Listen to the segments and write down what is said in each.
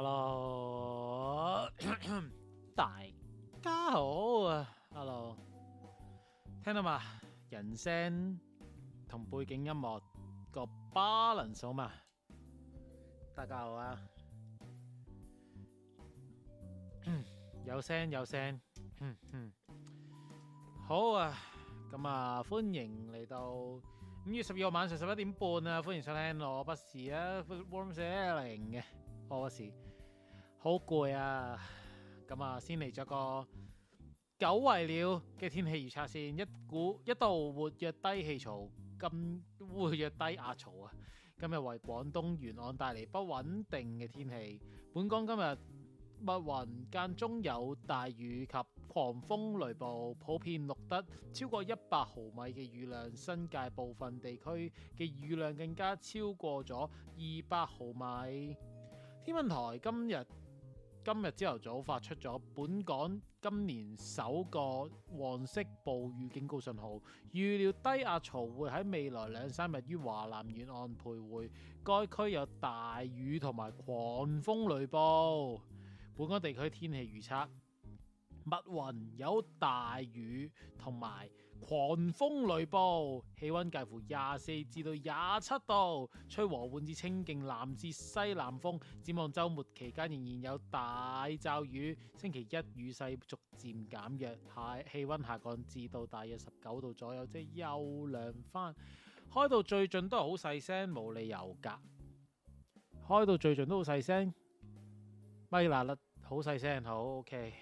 Hello，大家好啊！Hello，聽到嘛？人聲同背景音樂個 balance 嘛？大家好啊，有聲有聲，嗯嗯，好啊，咁啊，歡迎嚟到五月十二號晚上十一點半啊！歡迎收聽我不是啊，Warm Setting 嘅我不是。好攰啊！咁啊，先嚟咗個久違了嘅天氣預測先。一股一度活躍低氣槽，咁活躍低壓槽啊，今日為廣東沿岸帶嚟不穩定嘅天氣。本港今日密雲間中有大雨及狂風雷暴，普遍錄得超過一百毫米嘅雨量，新界部分地區嘅雨量更加超過咗二百毫米。天文台今日。今日朝頭早發出咗本港今年首個黃色暴雨警告信號，預料低壓槽會喺未來兩三日於華南沿岸徘徊，該區有大雨同埋狂風雷暴。本港地區天氣預測：密雲有大雨同埋。狂風雷暴，氣溫介乎廿四至到廿七度，吹和緩至清勁南至西南風。展望周末期間仍然有大驟雨，星期一雨勢逐漸減弱，下氣溫下降至到大約十九度左右，即係又涼翻。開到最盡都係好細聲，冇理由噶。開到最盡都好細聲，咪嗱啦啦，好細聲，好 OK。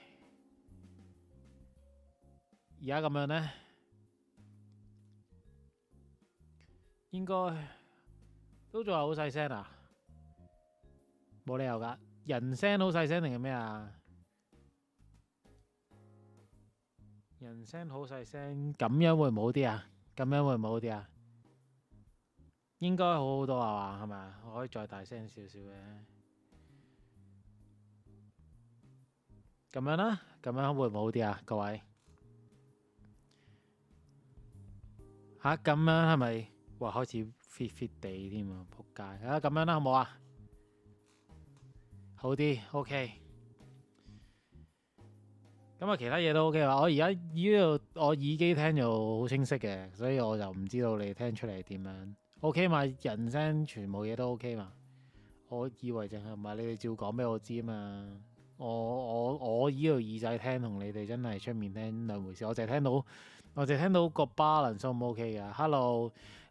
而家咁樣呢。應該都仲係好細聲啊！冇理由噶，人聲好細聲定係咩啊？人聲好細聲，咁樣會唔會好啲啊？咁樣會唔會好啲啊？應該好好多啊嘛，係咪啊？我可以再大聲少少嘅，咁樣啦、啊，咁樣會唔會好啲啊？各位，吓、啊、咁樣係咪？哇！開始 fit fit 地添啊，仆街啊！咁樣啦，好冇啊？好啲，OK。咁啊，其他嘢都 OK 啊。我而家呢度我耳機聽就好清晰嘅，所以我就唔知道你聽出嚟係點樣。OK 嘛，人聲全部嘢都 OK 嘛。我以為淨係唔係你哋照講俾我知啊嘛。我我我呢度耳仔聽同你哋真係出面聽兩回事。我淨係聽到我淨係聽到個 balance 唔 OK 噶。Hello。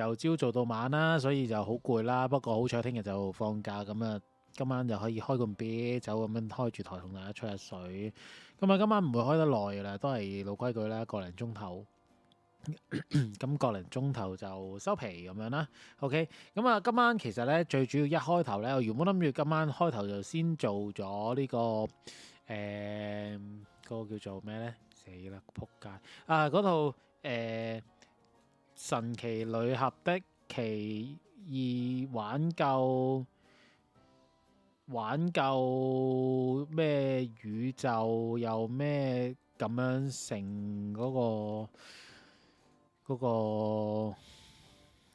由朝做到晚啦，所以就好攰啦。不過好彩聽日就放假，咁、嗯、啊今晚就可以開罐啤酒咁樣開住台同大家吹下水。咁、嗯、啊今晚唔會開得耐噶啦，都係老規矩啦，個零鐘頭。咁、嗯、個零鐘頭就收皮咁樣啦。OK，咁、嗯、啊今晚其實咧最主要一開頭咧，我原本諗住今晚開頭就先做咗呢、這個誒、呃那個叫做咩咧？死啦！撲街啊！嗰套誒。呃神奇女俠的奇異挽救，挽救咩宇宙又咩咁樣成嗰、嗰個嗰、嗰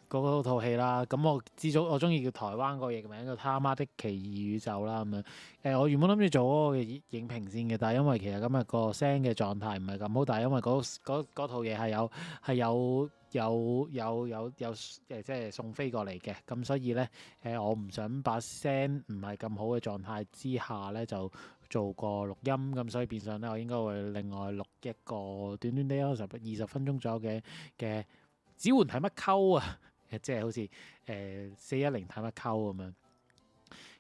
個、嗰個、套戲啦？咁我知咗我中意叫台灣個譯名叫他媽的奇異宇宙啦咁樣。誒、欸，我原本諗住做嗰個影評先嘅，但係因為其實今日個聲嘅狀態唔係咁好，但係因為嗰套嘢係有係有。有有有有誒、呃，即係送飛過嚟嘅。咁所以咧，誒、呃、我唔想把聲唔係咁好嘅狀態之下咧，就做個錄音。咁所以變相咧，我應該會另外錄一個短短地，二十二十分鐘左右嘅嘅。子桓睇乜溝啊？ 即係好似誒四一零睇乜溝咁樣。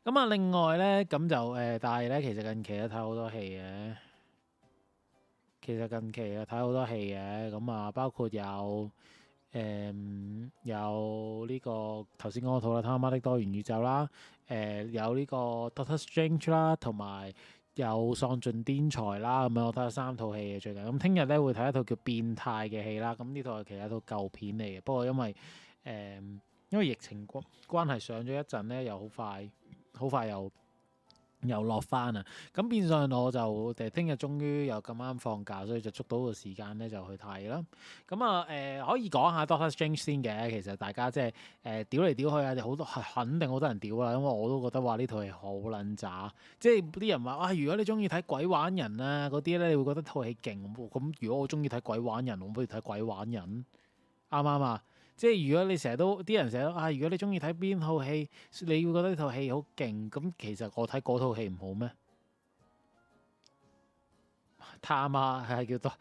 咁啊，另外咧，咁就誒、呃，但係咧，其實近期都睇好多戲嘅、啊。其實近期啊睇好多戲嘅、啊。咁啊，包括有。誒、嗯、有呢、這個頭先講過套啦，他媽的多元宇宙啦，誒、呃、有呢、這個 Doctor Strange 啦，同埋有喪盡天才啦，咁、嗯、樣我睇咗三套戲嘅最近。咁聽日呢會睇一套叫變態嘅戲啦。咁呢套係其實一套舊片嚟嘅，不過因為誒、嗯、因為疫情關關係上咗一陣呢，又好快好快又。又落翻啊！咁變相我就誒聽日終於又咁啱放假，所以就捉到個時間咧就去睇啦。咁啊誒、呃、可以講下 Doctor Strange 先嘅，其實大家即係誒屌嚟屌去啊，好多係肯定好多人屌啦，因為我都覺得話呢套戲好撚渣。即係啲人話啊、哎，如果你中意睇鬼玩人啊嗰啲咧，你會覺得套戲勁咁。咁如果我中意睇鬼玩人，我不如睇鬼玩人，啱唔啱啊？即係如果你成日都啲人成日都啊，如果你中意睇邊套戲，你會覺得呢套戲好勁，咁其實我睇嗰套戲唔好咩？他媽係叫做，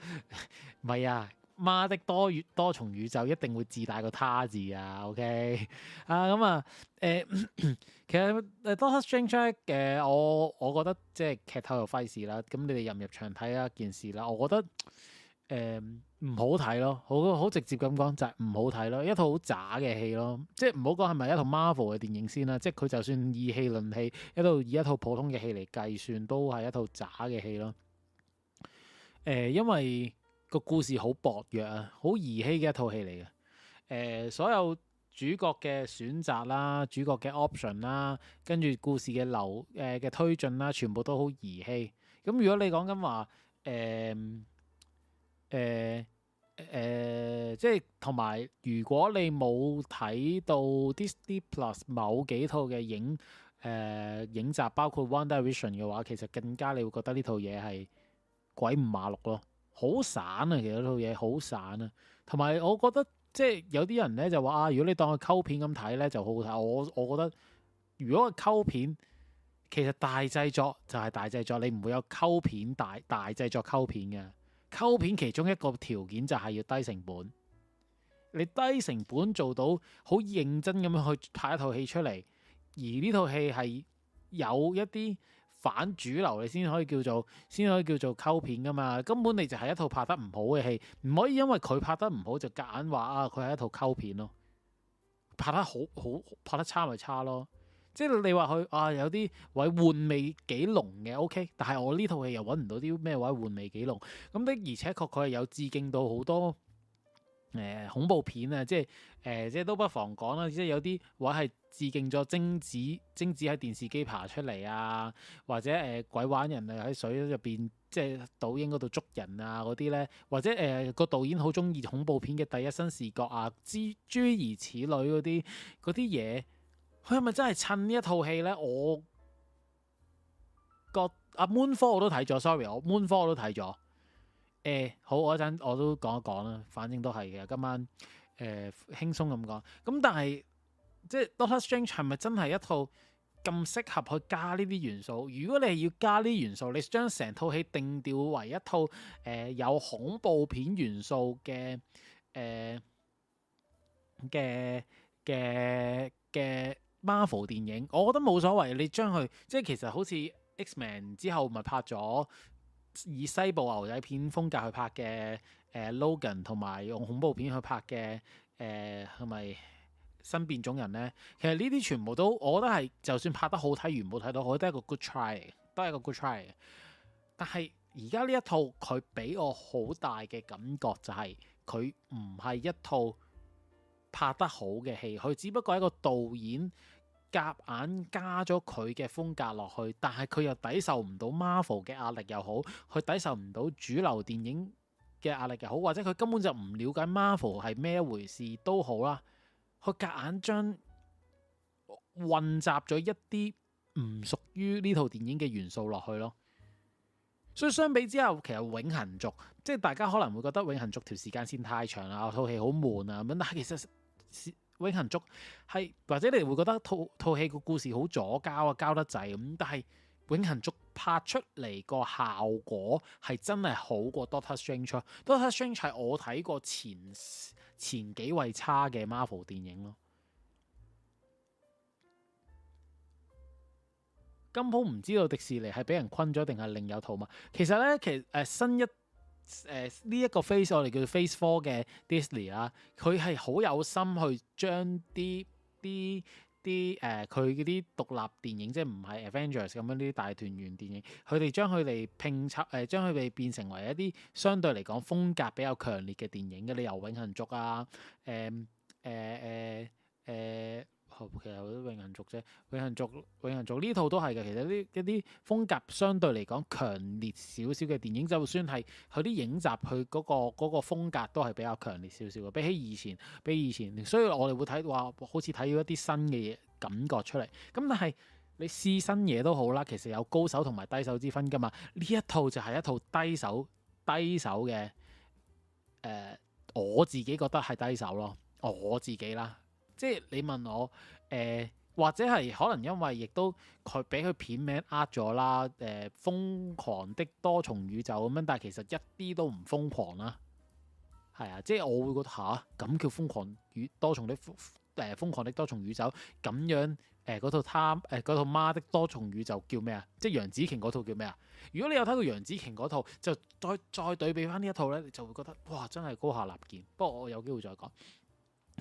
唔係啊？媽、 啊、的多宇宙多重宇宙一定會自帶個他字啊！OK 啊 咁啊，誒、啊呃、 其實誒 Doctor Strange 嘅我我覺得即係劇透又費事啦。咁你哋入唔入場睇啊一件事啦？我覺得誒。唔好睇咯，好好直接咁講就係、是、唔好睇咯，一套好渣嘅戲咯，即係唔好講係咪一套 Marvel 嘅電影先啦、啊，即係佢就算以戲論戲，一套以一套普通嘅戲嚟計算，都係一套渣嘅戲咯。誒、呃，因為個故事好薄弱啊，好兒戲嘅一套戲嚟嘅。誒、呃，所有主角嘅選擇啦，主角嘅 option 啦，跟住故事嘅流誒嘅、呃、推進啦，全部都好兒戲。咁如果你講緊話誒，呃誒誒、呃呃，即係同埋，如果你冇睇到 Disney Plus 某幾套嘅影誒、呃、影集，包括 One Direction 嘅話，其實更加你會覺得呢套嘢係鬼五馬六咯，好散啊！其實呢套嘢好散啊。同埋，我覺得即係有啲人咧就話啊，如果你當佢溝片咁睇咧就好好睇。我我覺得如果係溝片，其實大製作就係大製作，你唔會有溝片大大製作溝片嘅。溝片其中一個條件就係要低成本，你低成本做到好認真咁樣去拍一套戲出嚟，而呢套戲係有一啲反主流，你先可以叫做先可以叫做溝片㗎嘛。根本你就係一套拍得唔好嘅戲，唔可以因為佢拍得唔好就夾硬話啊佢係一套溝片咯，拍得好好拍得差咪差咯。即係你話佢啊，有啲位換味幾濃嘅，OK。但係我呢套戲又揾唔到啲咩位換味幾濃。咁的而且確佢係有致敬到好多誒、呃、恐怖片啊，即係誒、呃、即係都不妨講啦。即係有啲位係致敬咗貞子，貞子喺電視機爬出嚟啊，或者誒、呃、鬼玩人啊喺水入邊即係倒影嗰度捉人啊嗰啲咧，或者誒、呃、個導演好中意恐怖片嘅第一身視覺啊之諸如此類嗰啲啲嘢。佢係咪真係趁呢一套戲咧？我覺阿、啊、Moonfall 我都睇咗，sorry，Moon 我 Moonfall 我都睇咗。誒、欸，好，我，我講一陣，我都講一講啦。反正都係嘅，今晚誒輕鬆咁講。咁、呃、但係即係 Doctor Strange 係咪真係一套咁適合去加呢啲元素？如果你係要加呢啲元素，你將成套戲定調為一套誒、呃、有恐怖片元素嘅誒嘅嘅嘅。呃 Marvel 電影，我覺得冇所謂。你將佢即係其實好似 X-Men 之後，咪拍咗以西部牛仔片風格去拍嘅誒、呃、Logan，同埋用恐怖片去拍嘅誒，同、呃、埋新變種人咧。其實呢啲全部都，我覺得係就算拍得好睇，全部睇到，我覺得係一個 good try，嚟嘅，都係一個 good try 嚟嘅。但係而家呢一套佢俾我好大嘅感覺，就係，就係佢唔係一套。拍得好嘅戲，佢只不過係一個導演夾硬加咗佢嘅風格落去，但係佢又抵受唔到 Marvel 嘅壓力又好，佢抵受唔到主流電影嘅壓力又好，或者佢根本就唔了解 Marvel 係咩一回事都好啦，佢夾硬將混雜咗一啲唔屬於呢套電影嘅元素落去咯。所以相比之下，其實《永恆族》即係大家可能會覺得《永恆族》條時間線太長啦，套戲好悶啊咁樣，但係其實。永恆族係，或者你會覺得套套戲個故事好左交啊，交得滯咁，但係永恆族拍出嚟個效果係真係好過 Doctor Strange。啊、Doctor Strange 係我睇過前前幾位差嘅 Marvel 電影咯。根本唔知道迪士尼係俾人昆咗定係另有圖謀？其實咧，其實、呃、新一。誒呢一個 phase 我哋叫 phase four 嘅 Disney 啊，佢係好有心去將啲啲啲誒佢啲獨立電影，即係唔係 Avengers 咁樣啲大團圓電影，佢哋將佢哋拼湊誒，將佢哋變成為一啲相對嚟講風格比較強烈嘅電影嘅，你又《永恆族》啊，誒誒誒誒。呃呃呃呃。其實我都永恆族啫，永恆族，永恆族呢套都係嘅。其實啲一啲風格相對嚟講強烈少少嘅電影，就算係佢啲影集、嗰個，佢、嗰、嗰個嗰個風格都係比較強烈少少嘅。比起以前，比起以前，所以我哋會睇到話，好似睇到一啲新嘅嘢感覺出嚟。咁但係你試新嘢都好啦，其實有高手同埋低手之分噶嘛。呢一套就係一套低手低手嘅，誒、呃，我自己覺得係低手咯，我自己啦。即係你問我，誒、呃、或者係可能因為亦都佢俾佢片名呃咗啦，誒瘋狂的多重宇宙咁樣，但係其實一啲都唔瘋狂啦、啊，係啊，即係我會覺得吓，咁、啊、叫瘋狂宇多重的誒、呃、瘋狂的多重宇宙咁樣，誒、呃、嗰套他誒、呃、嗰套媽的多重宇宙叫咩啊？即係楊紫瓊嗰套叫咩啊？如果你有睇過楊紫瓊嗰套，就再再對比返呢一套咧，你就會覺得哇，真係高下立見。不過我有機會再講。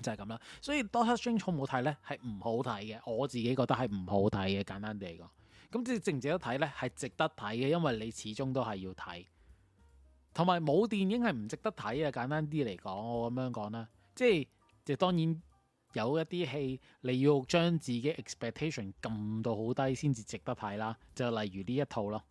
就係咁啦，所以《Doctor Strange》好唔好睇咧，係唔好睇嘅。我自己覺得係唔好睇嘅。簡單啲嚟講，咁即係值唔值得睇咧？係值得睇嘅，因為你始終都係要睇。同埋冇電影係唔值得睇嘅。簡單啲嚟講，我咁樣講啦，即係就當然有一啲戲你要將自己 expectation 撳到好低先至值得睇啦。就例如呢一套咯，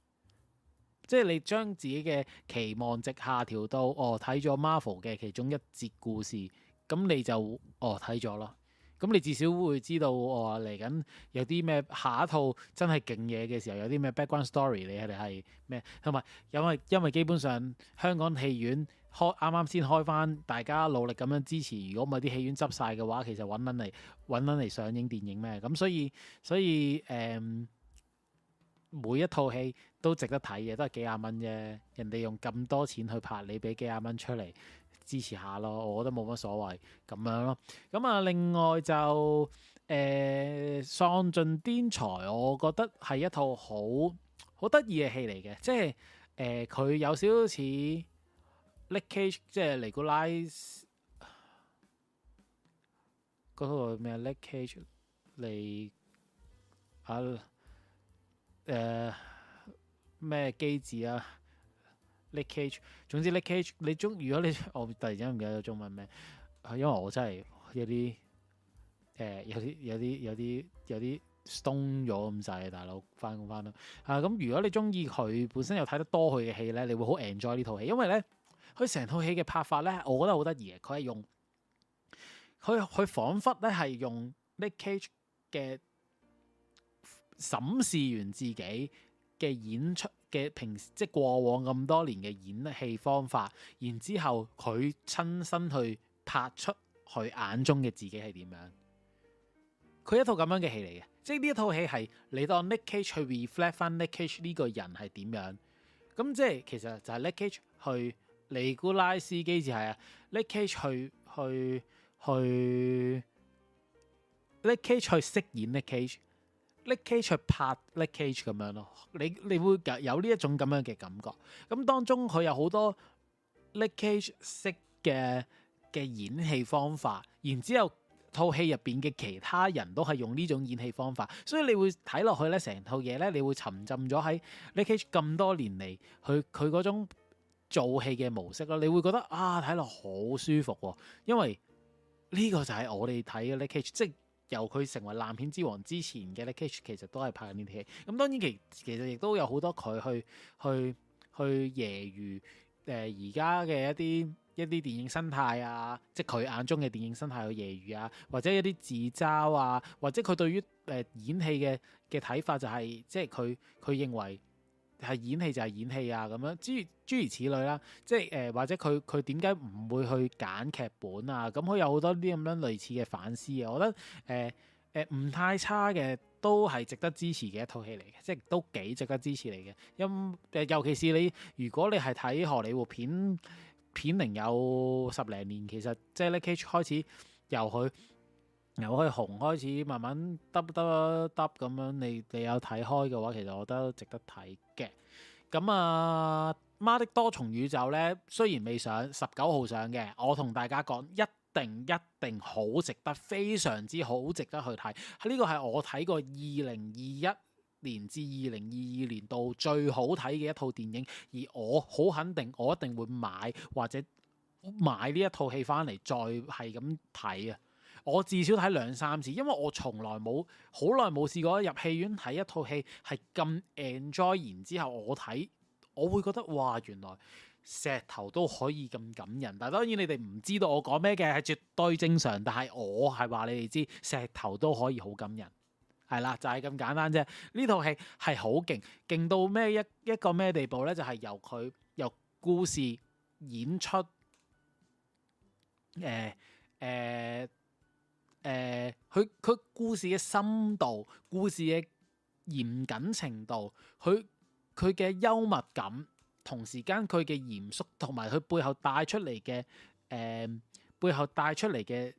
即係你將自己嘅期望值下調到哦，睇咗 Marvel 嘅其中一節故事。咁你就哦睇咗咯，咁你至少會知道哦嚟緊有啲咩下一套真係勁嘢嘅時候有啲咩 background story 你係咪係咩？同埋因為因為基本上香港戲院開啱啱先開翻，大家努力咁樣支持。如果唔係啲戲院執晒嘅話，其實揾撚嚟揾撚嚟上映電影咩？咁所以所以誒、嗯，每一套戲都值得睇嘅，都係幾廿蚊啫。人哋用咁多錢去拍，你俾幾廿蚊出嚟？支持下咯，我覺得冇乜所謂咁樣咯。咁啊，另外就誒、呃、喪盡天才，我覺得係一套好好得意嘅戲嚟嘅，即係誒佢有少少似《Leakage》即係尼古拉斯嗰套咩《Leakage》嚟啊，誒咩機智啊？呃 Nick Cage，總之 Nick Cage，你中意，如果你我，突然間唔記得咗中文名，因為我真係有啲誒、呃、有啲有啲有啲有啲鬆咗咁滯，大佬翻工翻到。啊，咁如果你中意佢本身又睇得多佢嘅戲咧，你會好 enjoy 呢套戲，因為咧佢成套戲嘅拍法咧，我覺得好得意嘅，佢係用佢佢彷彿咧係用 Nick Cage 嘅審視完自己。嘅演出嘅平即係過往咁多年嘅演戲方法，然之後佢親身去拍出佢眼中嘅自己係點樣？佢一套咁樣嘅戲嚟嘅，即係呢一套戲係你當 Nick Cage 去 reflect 翻 Nick Cage 呢個人係點樣？咁即係其實就係 Nick Cage 去尼古拉斯基治係啊，Nick Cage 去去去去，Nick Cage 去飾演 Nick Cage。叻 Cage 去拍叻 Cage 咁樣咯，你你會有呢一種咁樣嘅感覺，咁當中佢有好多叻 Cage 式嘅嘅演戲方法，然之後套戲入邊嘅其他人都係用呢種演戲方法，所以你會睇落去咧，成套嘢咧，你會沉浸咗喺叻 Cage 咁多年嚟，佢佢嗰種做戲嘅模式咯，你會覺得啊睇落好舒服、哦，因為呢個就係我哋睇嘅叻 Cage，即、就是由佢成為爛片之王之前嘅咧 Kage，其實都係拍緊呢啲戲。咁當然其其實亦都有好多佢去去去揶揄誒而家嘅一啲一啲電影生態啊，即係佢眼中嘅電影生態嘅揶揄啊，或者一啲自嘲啊，或者佢對於誒、呃、演戲嘅嘅睇法就係、是、即係佢佢認為。係演戲就係演戲啊，咁樣諸諸如此類啦，即係誒、呃、或者佢佢點解唔會去揀劇本啊？咁佢有好多啲咁樣類似嘅反思啊。我覺得誒誒唔太差嘅，都係值得支持嘅一套戲嚟嘅，即係都幾值得支持嚟嘅。因誒尤其是你如果你係睇荷里活片，片齡有十零年其實即 a d e Cage 開始由佢。又可以紅開始，慢慢耷耷耷咁樣，你你有睇開嘅話，其實我覺得都值得睇嘅。咁啊，《媽的多重宇宙》呢，雖然未上，十九號上嘅，我同大家講，一定一定好值得，非常之好值得去睇。呢個係我睇過二零二一年至二零二二年度最好睇嘅一套電影，而我好肯定，我一定會買或者買呢一套戲翻嚟再係咁睇啊！我至少睇兩三次，因為我從來冇好耐冇試過入戲院睇一套戲係咁 enjoy，然之後我睇我會覺得哇，原來石頭都可以咁感人。但係當然你哋唔知道我講咩嘅係絕對正常，但係我係話你哋知，石頭都可以好感人，係啦，就係、是、咁簡單啫。呢套戲係好勁，勁到咩一一個咩地步呢？就係、是、由佢由故事演出，誒、呃、誒。呃誒，佢佢、呃、故事嘅深度、故事嘅嚴謹程度、佢佢嘅幽默感，同時間佢嘅嚴肅，同埋佢背後帶出嚟嘅，誒、呃，背後帶出嚟嘅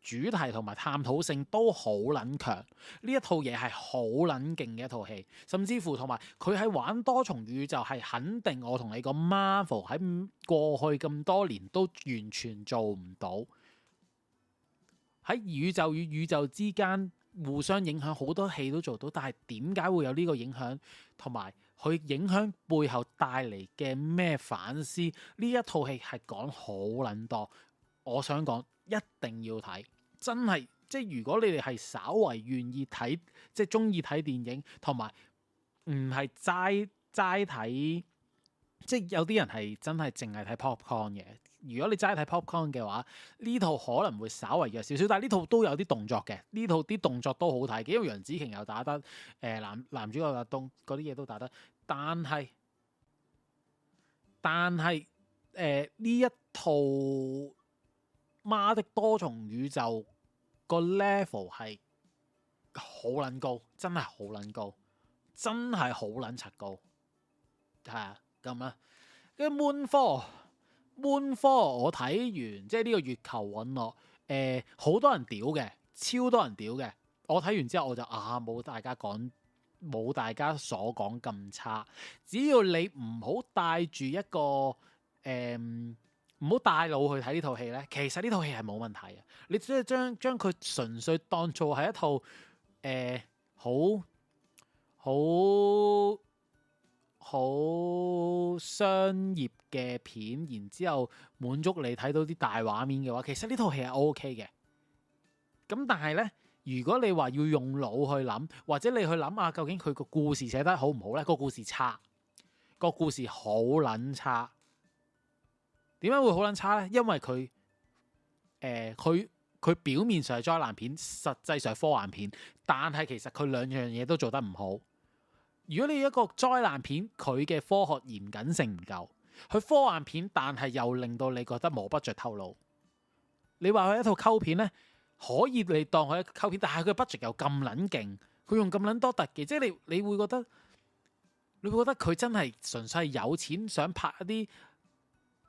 主題同埋探討性都好撚強。呢一套嘢係好撚勁嘅一套戲，甚至乎同埋佢喺玩多重宇宙，係肯定我同你個 Marvel 喺過去咁多年都完全做唔到。喺宇宙與宇宙之間互相影響，好多戲都做到，但係點解會有呢個影響？同埋佢影響背後帶嚟嘅咩反思？呢一套戲係講好撚多，我想講一定要睇，真係即係如果你哋係稍為願意睇，即係中意睇電影，同埋唔係齋齋睇，即係有啲人係真係淨係睇 popcorn 嘅。如果你齋睇 popcorn 嘅話，呢套可能會稍為弱少少，但係呢套都有啲動作嘅，呢套啲動作都好睇嘅，因為楊紫瓊又打得誒、呃、男男主角阿東嗰啲嘢都打得，但係但係誒呢一套媽的多重宇宙個 level 係好撚高，真係好撚高，真係好撚柒高，係啊咁啦 Moonfall。搬科我睇完，即係呢個月球隕落，誒、呃、好多人屌嘅，超多人屌嘅。我睇完之後我就啊冇大家講，冇大家所講咁差。只要你唔好帶住一個誒，唔、呃、好帶腦去睇呢套戲咧，其實呢套戲係冇問題嘅。你只係將將佢純粹當做係一套誒，好、呃、好。好商業嘅片，然之後滿足你睇到啲大畫面嘅話，其實呢套戲係 O K 嘅。咁但係呢，如果你話要用腦去諗，或者你去諗下究竟佢個故事寫得好唔好呢？個故事差，個故事好撚差。點解會好撚差呢？因為佢佢佢表面上係災難片，實際上係科幻片，但係其實佢兩樣嘢都做得唔好。如果你一個災難片，佢嘅科學嚴謹性唔夠；佢科幻片，但係又令到你覺得摸不着頭腦。你話佢一套溝片咧，可以你當佢一溝片，但係佢 budget 又咁撚勁，佢用咁撚多特技，即係你，你會覺得，你會覺得佢真係純粹係有錢想拍一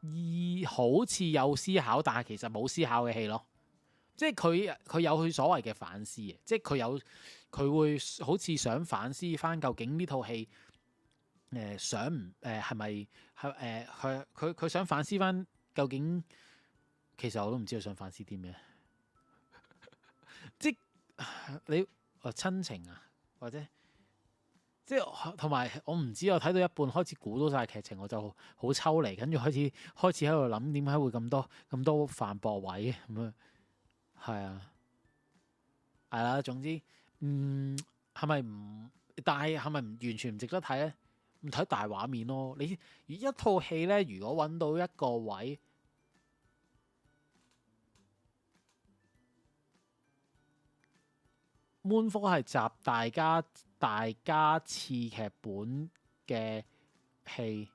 啲，好似有思考，但係其實冇思考嘅戲咯。即係佢佢有佢所謂嘅反思嘅，即係佢有。佢會好似想反思翻，究竟呢套戲誒想唔誒係咪係誒佢佢佢想反思翻究竟？其實我都唔知佢想反思啲咩， 即你誒親情啊，或者即係同埋我唔知，我睇到一半開始估到晒劇情，我就好抽離，跟住開始開始喺度諗點解會咁多咁多反駁位咁樣，係啊，係啦，總之。嗯，係咪唔？但係係咪唔完全唔值得睇咧？唔睇大畫面咯。你一套戲咧，如果揾到一個位，滿腹係集大家大家次劇本嘅戲，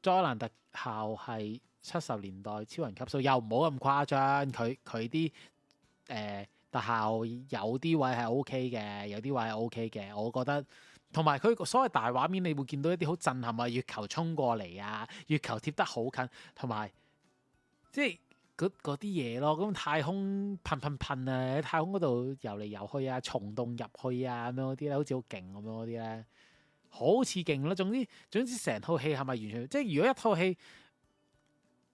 災難特效係七十年代超人級數，又唔好咁誇張。佢佢啲誒。特效有啲位係 O K 嘅，有啲位係 O K 嘅，我覺得同埋佢所謂大畫面，你會見到一啲好震撼啊，月球衝過嚟啊，月球貼得好近，同埋即係嗰啲嘢咯。咁太空噴噴噴啊！喺太空嗰度遊嚟遊去啊，蟲洞入去啊，咁樣嗰啲咧，好似好勁咁樣嗰啲咧，好似勁咯。總之總之，成套戲係咪完全即係如果一套戲？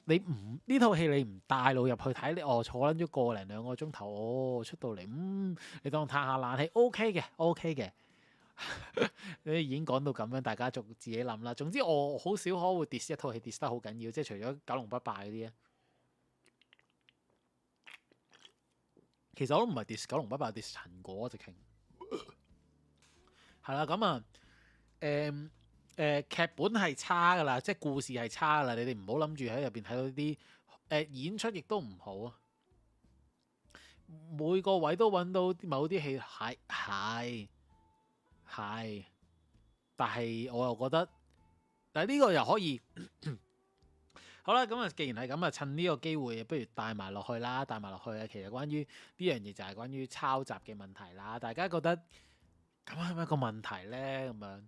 你唔呢套戲你唔帶腦入去睇，你哦，坐撚咗個零兩個鐘頭，哦出到嚟，嗯，你當嘆下冷氣，O K 嘅，O K 嘅，你、OK OK、 已經講到咁樣，大家就自己諗啦。總之我好少可會 d i s 一套戲 d i s 得好緊要，即係除咗《九龍不敗》嗰啲咧。其實我都唔係 d i s《九龍不敗》，disc 陳果直傾。係啦，咁啊，誒、嗯。誒、呃、劇本係差噶啦，即係故事係差噶啦，你哋唔好諗住喺入邊睇到啲誒、呃、演出，亦都唔好啊！每個位都揾到某啲戲，係係係，但係我又覺得，但係呢個又可以 好啦。咁啊，既然係咁啊，趁呢個機會，不如帶埋落去啦，帶埋落去啊！其實關於呢樣嘢就係關於抄襲嘅問題啦，大家覺得咁係咪一個問題呢？咁樣？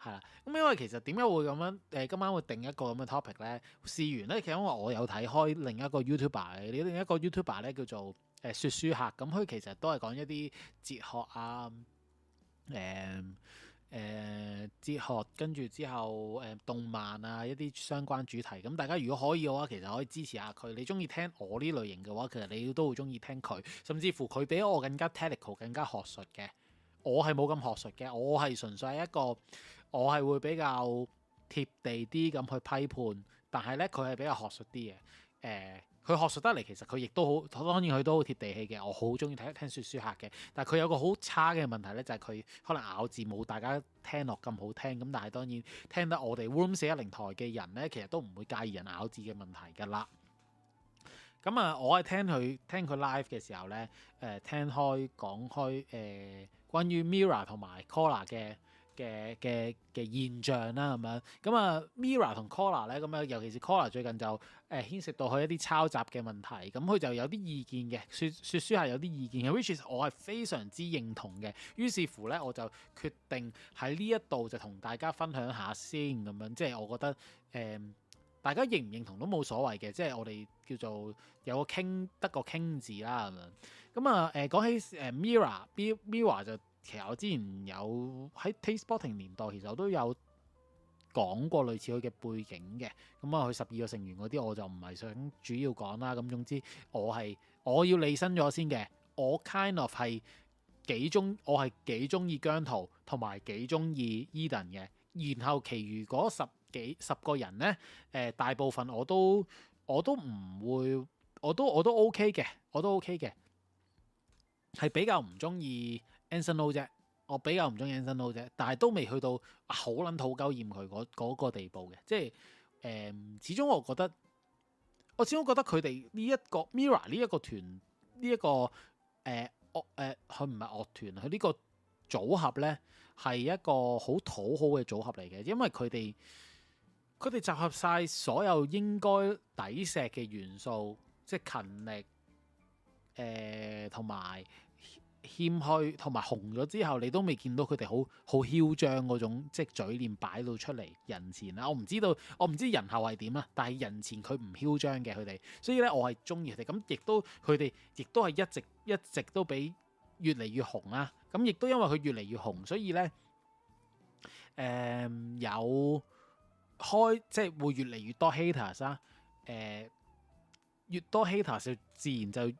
係啦，咁、嗯、因為其實點解會咁樣？誒、呃，今晚會定一個咁嘅 topic 咧，思完試完咧，其實因為我有睇開另一個 YouTuber 嘅，呢另一個 YouTuber 咧叫做誒、呃、說書客，咁佢其實都係講一啲哲學啊，誒、呃、誒哲學，跟住之後誒、呃、動漫啊一啲相關主題。咁、嗯、大家如果可以嘅話，其實可以支持下佢。你中意聽我呢類型嘅話，其實你都會中意聽佢，甚至乎佢比我更加 technical，更加學術嘅。我係冇咁學術嘅，我係純粹係一個。我係會比較貼地啲咁去批判，但係呢，佢係比較學術啲嘅。誒、呃，佢學術得嚟，其實佢亦都好，當然佢都好貼地氣嘅。我好中意聽聽説書客嘅，但係佢有個好差嘅問題呢，就係、是、佢可能咬字冇大家聽落咁好聽。咁但係當然聽得我哋 Room 四一零台嘅人呢，其實都唔會介意人咬字嘅問題噶啦。咁、嗯、啊，我係聽佢聽佢 live 嘅時候呢，誒、呃、聽開講開誒、呃、關於 Mirror 同埋 Collar 嘅。嘅嘅嘅現象啦，咁樣咁啊，Mirror 同 Collar 咧，咁樣尤其是 Collar 最近就誒、呃、牽涉到佢一啲抄襲嘅問題，咁佢就有啲意見嘅，説説書係有啲意見嘅、嗯、which is 我係非常之認同嘅。於是乎咧，我就決定喺呢一度就同大家分享下先，咁樣即係我覺得誒、呃、大家認唔認同都冇所謂嘅，即係我哋叫做有個傾得個傾字啦，咁樣咁啊，誒講起誒 Mirror，B Mirror 就。其實我之前有喺 TasteBoating 年代，其實我都有講過類似佢嘅背景嘅。咁啊，佢十二個成員嗰啲，我就唔係想主要講啦。咁總之，我係我要離身咗先嘅。我 kind of 係幾鍾，我係幾鍾意姜濤同埋幾鍾意 Eden 嘅。然後，其餘嗰十幾十個人呢，誒大部分我都我都唔會，我都我都 OK 嘅，我都 OK 嘅，係比較唔鍾意。e n s o n o 啫，我比較唔中意 Anson Lo 啫，但係都未去到好撚討厭佢嗰個地步嘅，即係、嗯、始終我覺得，我始終覺得佢哋呢一個 Mirror 呢一個團呢一、呢個誒樂誒佢唔係樂團，佢呢個組合呢係一個好討好嘅組合嚟嘅，因為佢哋佢哋集合晒所有應該抵錫嘅元素，即係勤力誒同埋。呃謙虛同埋紅咗之後，你都未見到佢哋好好囂張嗰種，即係嘴臉擺到出嚟人前啦。我唔知道，我唔知人後係點啦。但係人前佢唔囂張嘅佢哋，所以咧我係中意佢哋。咁亦都佢哋亦都係一直一直都俾越嚟越紅啦、啊。咁亦都因為佢越嚟越紅，所以咧誒、呃、有開即係會越嚟越多 haters 啦、啊。誒、呃、越多 haters 就自然就。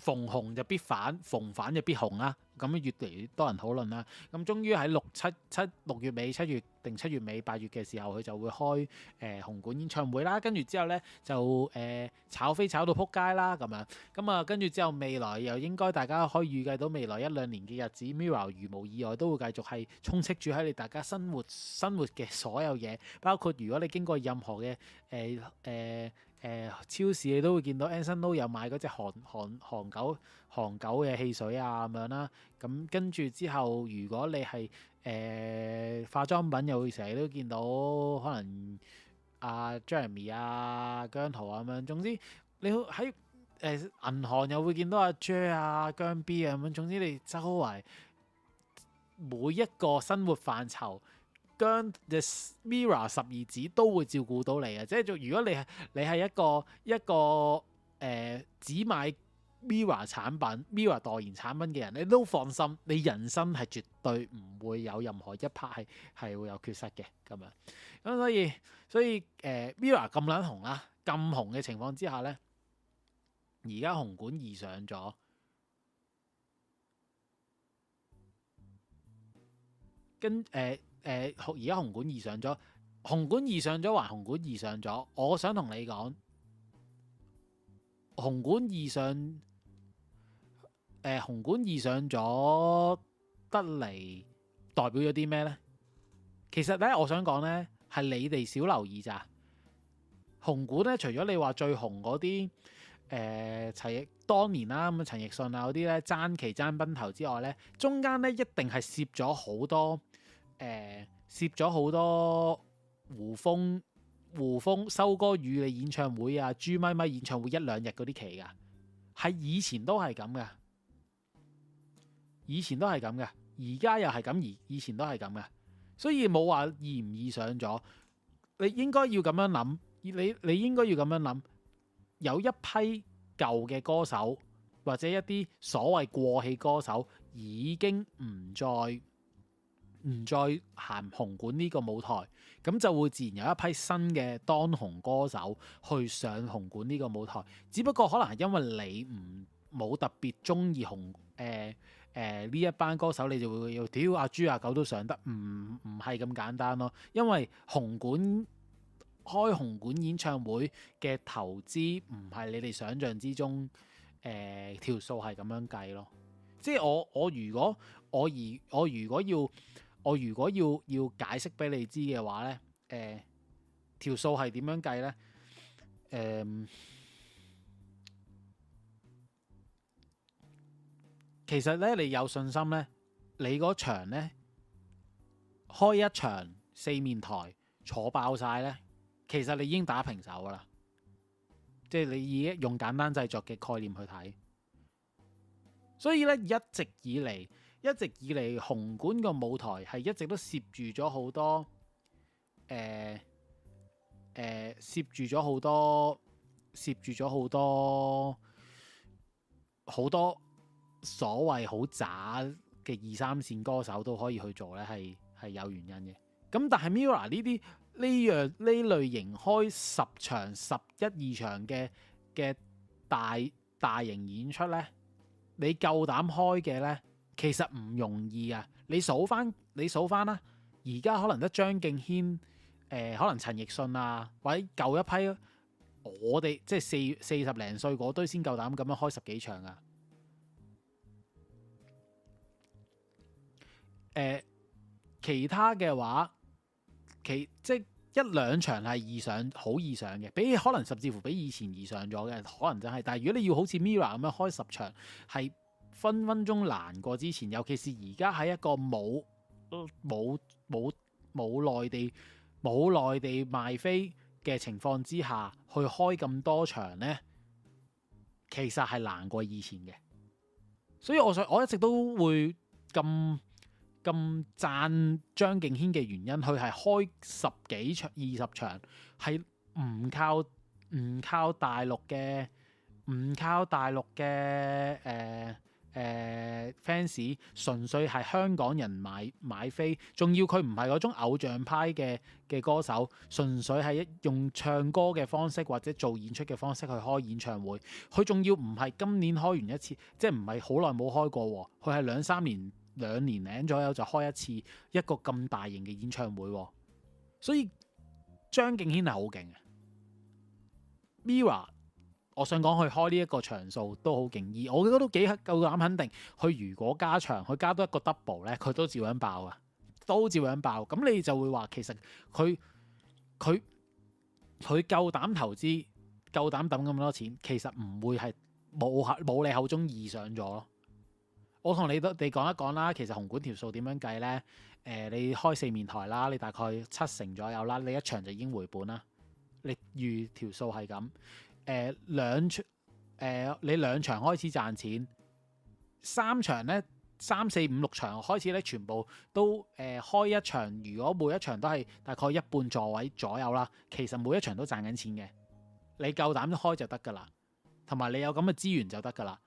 逢紅就必反，逢反就必紅啦。咁越嚟越多人討論啦。咁終於喺六七七六月尾、七月定七月尾、八月嘅時候，佢就會開誒、呃、紅館演唱會啦。跟住之後呢，就誒、呃、炒飛炒到仆街啦。咁樣咁啊，跟住之後未來又應該大家可以預計到未來一兩年嘅日子，Mirror 如無意外都會繼續係充斥住喺你大家生活生活嘅所有嘢，包括如果你經過任何嘅誒誒。呃呃誒、呃、超市你都會見到 Anson Lo 有買嗰隻韓韓韓狗韓狗嘅汽水啊咁樣啦、啊，咁跟住之後，如果你係誒、呃、化妝品，又會成日都見到可能阿、啊、Jeremy 啊姜濤啊咁樣，總之你喺誒銀行又會見到阿 Jer 啊，J、er、啊姜 B 啊咁樣，總之你周圍每一個生活範疇。姜只 Mirror 十二指都會照顧到你啊！即係，如果你係你係一個一個誒、呃，只買 Mirror 產品、Mirror 代言產品嘅人，你都放心，你人生係絕對唔會有任何一 part 係係會有缺失嘅咁樣。咁、嗯、所以所以誒、呃、Mirror 咁撚紅啦，咁紅嘅情況之下咧，而家紅館已上咗，跟誒。呃誒，而家、呃、紅館異上咗，紅館異上咗，還紅館異上咗。我想同你講，紅館異上，誒、呃，紅館異上咗得嚟代表咗啲咩咧？其實咧，我想講咧，係你哋少留意咋紅館咧。除咗你話最紅嗰啲，誒、呃，陳奕當年啦，咁陳奕迅啊嗰啲咧，爭奇爭崩頭之外咧，中間咧一定係攝咗好多。誒，攝咗好多胡風、胡風收歌與你演唱會啊，朱咪咪演唱會一兩日嗰啲期噶，係以前都係咁嘅，以前都係咁嘅，而家又係咁，而以前都係咁嘅，所以冇話熱唔熱想咗。你應該要咁樣諗，你你應該要咁樣諗，有一批舊嘅歌手或者一啲所謂過氣歌手已經唔再。唔再行紅館呢個舞台，咁就會自然有一批新嘅當紅歌手去上紅館呢個舞台。只不過可能係因為你唔冇特別鍾意紅，誒誒呢一班歌手，你就會要屌阿豬阿狗都上得，唔唔係咁簡單咯。因為紅館開紅館演唱會嘅投資唔係你哋想像之中，誒條數係咁樣計咯。即係我我如果我而我如果要。我如果要要解釋俾你知嘅話、呃、條數呢，誒條數係點樣計呢？其實呢，你有信心呢？你嗰場呢開一場四面台坐爆晒呢，其實你已經打平手㗎啦。即係你已經用簡單製作嘅概念去睇，所以呢，一直以嚟。一直以嚟，紅館個舞台係一直都攝住咗好多，誒誒攝住咗好多，攝住咗好多好多所謂好渣嘅二三線歌手都可以去做咧，係係有原因嘅。咁但係 Mirror 呢啲呢樣呢類型開十場十一二場嘅嘅大大型演出咧，你夠膽開嘅咧？其實唔容易啊！你數返，你數返啦。而家可能得張敬軒，誒、呃，可能陳奕迅啊，或者舊一批，我哋即係四四十零歲嗰堆先夠膽咁樣開十幾場啊。誒、呃，其他嘅話，其即一兩場係易上，好易上嘅，比可能甚至乎比以前易上咗嘅，可能就係、是。但係如果你要好似 Mirror 咁樣開十場，係。分分鐘難過之前，尤其是而家喺一個冇冇冇冇內地冇內地賣飛嘅情況之下，去開咁多場呢，其實係難過以前嘅。所以我想我一直都會咁咁讚張敬軒嘅原因，佢係開十幾場、二十場，係唔靠唔靠大陸嘅，唔靠大陸嘅誒。呃誒、uh, fans 純粹係香港人買買飛，仲要佢唔係嗰種偶像派嘅嘅歌手，純粹係用唱歌嘅方式或者做演出嘅方式去開演唱會。佢仲要唔係今年開完一次，即係唔係好耐冇開過。佢係兩三年、兩年零左右就開一次一個咁大型嘅演唱會。所以張敬軒係好勁嘅。Mirror。我想講佢開呢一個場數都好勁，意我覺得都幾肯夠膽肯定佢。如果加場，佢加多一個 double 咧，佢都照樣爆啊，都照樣爆。咁你就會話其實佢佢佢夠膽投資，夠膽抌咁多錢，其實唔會係冇冇你口中意上咗咯。我同你都你講一講啦，其實紅館條數點樣計咧？誒、呃，你開四面台啦，你大概七成左右啦，你一場就已經回本啦。你預條數係咁。誒、呃，兩場誒、呃，你兩場開始賺錢，三場咧，三四五六場開始咧，全部都誒、呃、開一場，如果每一場都係大概一半座位左右啦，其實每一場都賺緊錢嘅，你夠膽開就得噶啦，同埋你有咁嘅資源就得噶啦。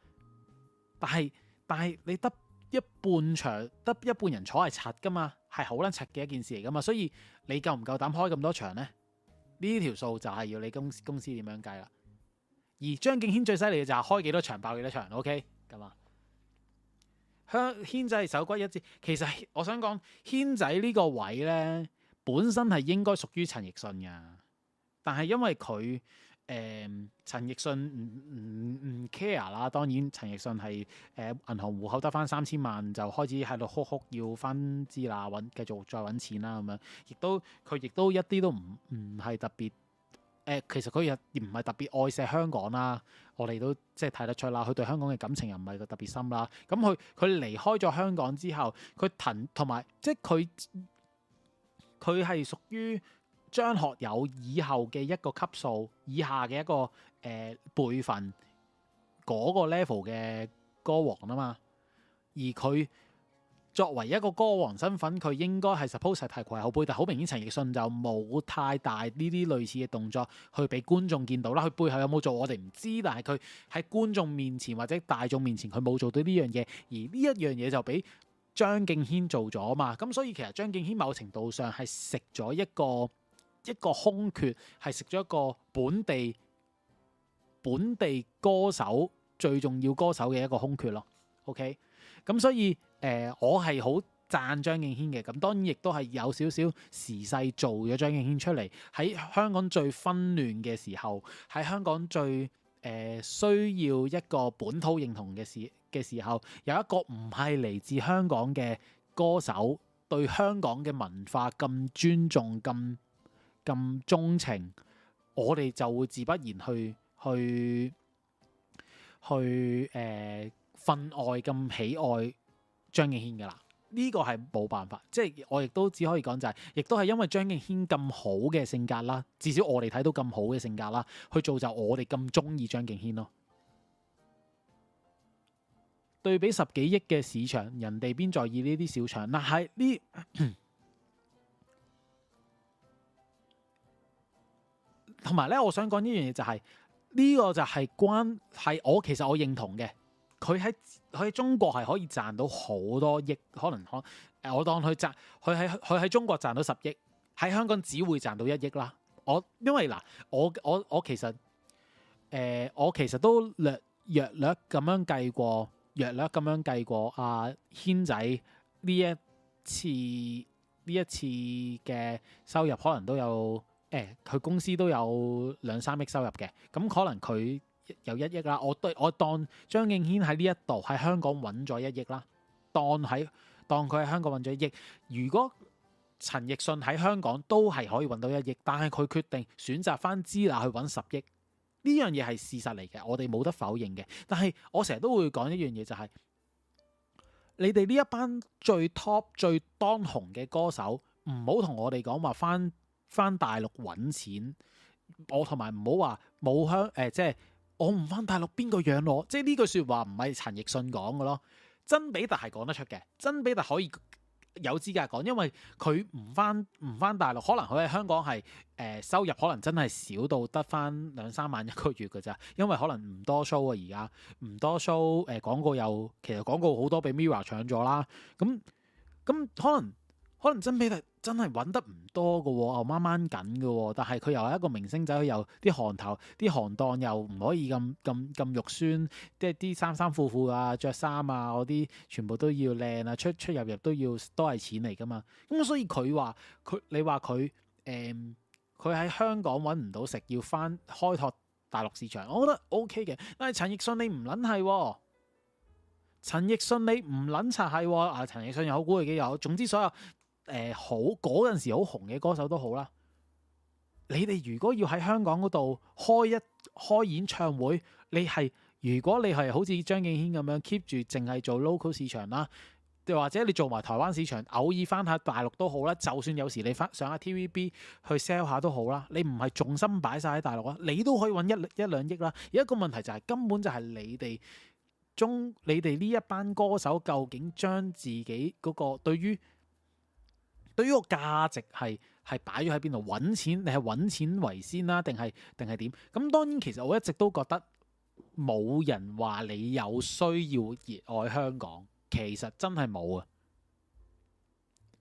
但係但係你得一半場，得一半人坐係柒噶嘛，係好撚柒嘅一件事嚟噶嘛，所以你夠唔夠膽開咁多場咧？呢條數就係要你公司公司點樣計啦。而張敬軒最犀利嘅就係開幾多場爆幾多場，OK 咁啊？香軒仔手骨一支。其實我想講軒仔呢個位咧，本身係應該屬於陳奕迅㗎，但係因為佢誒、呃、陳奕迅唔唔唔 care 啦，當然陳奕迅係誒、呃、銀行戶口得返三千萬，就開始喺度哭哭要返支啦，揾繼續再揾錢啦咁樣，亦都佢亦都一啲都唔唔係特別。誒其實佢又唔係特別愛錫香港啦，我哋都即係睇得出啦，佢對香港嘅感情又唔係特別深啦。咁佢佢離開咗香港之後，佢騰同埋即係佢佢係屬於張學友以後嘅一個級數以下嘅一個誒輩份嗰個 level 嘅歌王啊嘛，而佢。作為一個歌王身份，佢應該係 suppose 提攜後輩，但好明顯，陳奕迅就冇太大呢啲類似嘅動作去俾觀眾見到啦。佢背後有冇做我哋唔知，但係佢喺觀眾面前或者大眾面前，佢冇做到呢樣嘢，而呢一樣嘢就俾張敬軒做咗嘛。咁所以其實張敬軒某程度上係食咗一個一個空缺，係食咗一個本地本地歌手最重要歌手嘅一個空缺咯。OK，咁所以。誒、呃，我係好讚張敬軒嘅。咁當然亦都係有少少時勢做咗張敬軒出嚟喺香港最紛亂嘅時候，喺香港最誒、呃、需要一個本土認同嘅時嘅時候，有一個唔係嚟自香港嘅歌手對香港嘅文化咁尊重、咁咁鍾情，我哋就會自不然去去去誒分外咁喜愛。張敬軒噶啦，呢、這個係冇辦法，即係我亦都只可以講就係、是，亦都係因為張敬軒咁好嘅性格啦，至少我哋睇到咁好嘅性格啦，去做就我哋咁中意張敬軒咯。對比十幾億嘅市場，人哋邊在意呢啲小場？嗱，係呢，同埋咧，我想講呢樣嘢就係、是、呢、這個就係關係，我其實我認同嘅。佢喺佢喺中國係可以賺到好多億，可能可、呃，我當佢賺，佢喺佢喺中國賺到十億，喺香港只會賺到一億啦。我因為嗱，我我我其實，誒、呃，我其實都略略略咁樣計過，略略咁樣計過。阿、啊、軒仔呢一次呢一次嘅收入可能都有，誒、哎，佢公司都有兩三億收入嘅，咁、嗯、可能佢，有一億啦，我對，我當張敬軒喺呢一度喺香港揾咗一億啦，當喺當佢喺香港揾咗一億，如果陳奕迅喺香港都係可以揾到一億，但係佢決定選擇翻支那去揾十億，呢樣嘢係事實嚟嘅，我哋冇得否認嘅。但係我成日都會講一樣嘢，就係，就係你哋呢一班最 top 最當紅嘅歌手，唔好同我哋講話翻翻大陸揾錢，我同埋唔好話冇香誒，即係。我唔翻大陸，邊個養我？即係呢句説話唔係陳奕迅講嘅咯，曾比特係講得出嘅，曾比特可以有資格講，因為佢唔翻唔翻大陸，可能佢喺香港係誒、呃、收入可能真係少到得翻兩三萬一個月嘅咋，因為可能唔多 show 啊，而家唔多 show，誒、呃、廣告又其實廣告好多俾 Mirror 搶咗啦，咁咁可能。可能真比特真係揾得唔多嘅喎、哦，又掹掹緊嘅喎、哦，但係佢又係一個明星仔，佢又啲行頭、啲行當又唔可以咁咁咁肉酸，即係啲衫衫褲褲啊、着衫啊嗰啲，全部都要靚啊，出出入入都要都係錢嚟噶嘛。咁、嗯、所以佢話佢你話佢誒佢喺香港揾唔到食，要返開拓大陸市場，我覺得 OK 嘅。但係陳奕迅你唔撚係，陳奕迅你唔撚查係，啊陳奕迅又好估，佢機有，總之所有。誒、呃，好嗰陣時好紅嘅歌手都好啦。你哋如果要喺香港嗰度開一開演唱會，你係如果你係好似張敬軒咁樣 keep 住淨係做 local 市場啦，又或者你做埋台灣市場，偶爾翻下大陸都好啦。就算有時你翻上下 TVB 去 sell 下都好啦，你唔係重心擺晒喺大陸啊，你都可以搵一一兩億啦。有一個問題就係、是、根本就係你哋中你哋呢一班歌手究竟將自己嗰、嗰個對於。對於個價值係係擺咗喺邊度揾錢？你係揾錢為先啦，啊，定係定係點咁？當然，其實我一直都覺得冇人話你有需要熱愛香港，其實真係冇啊。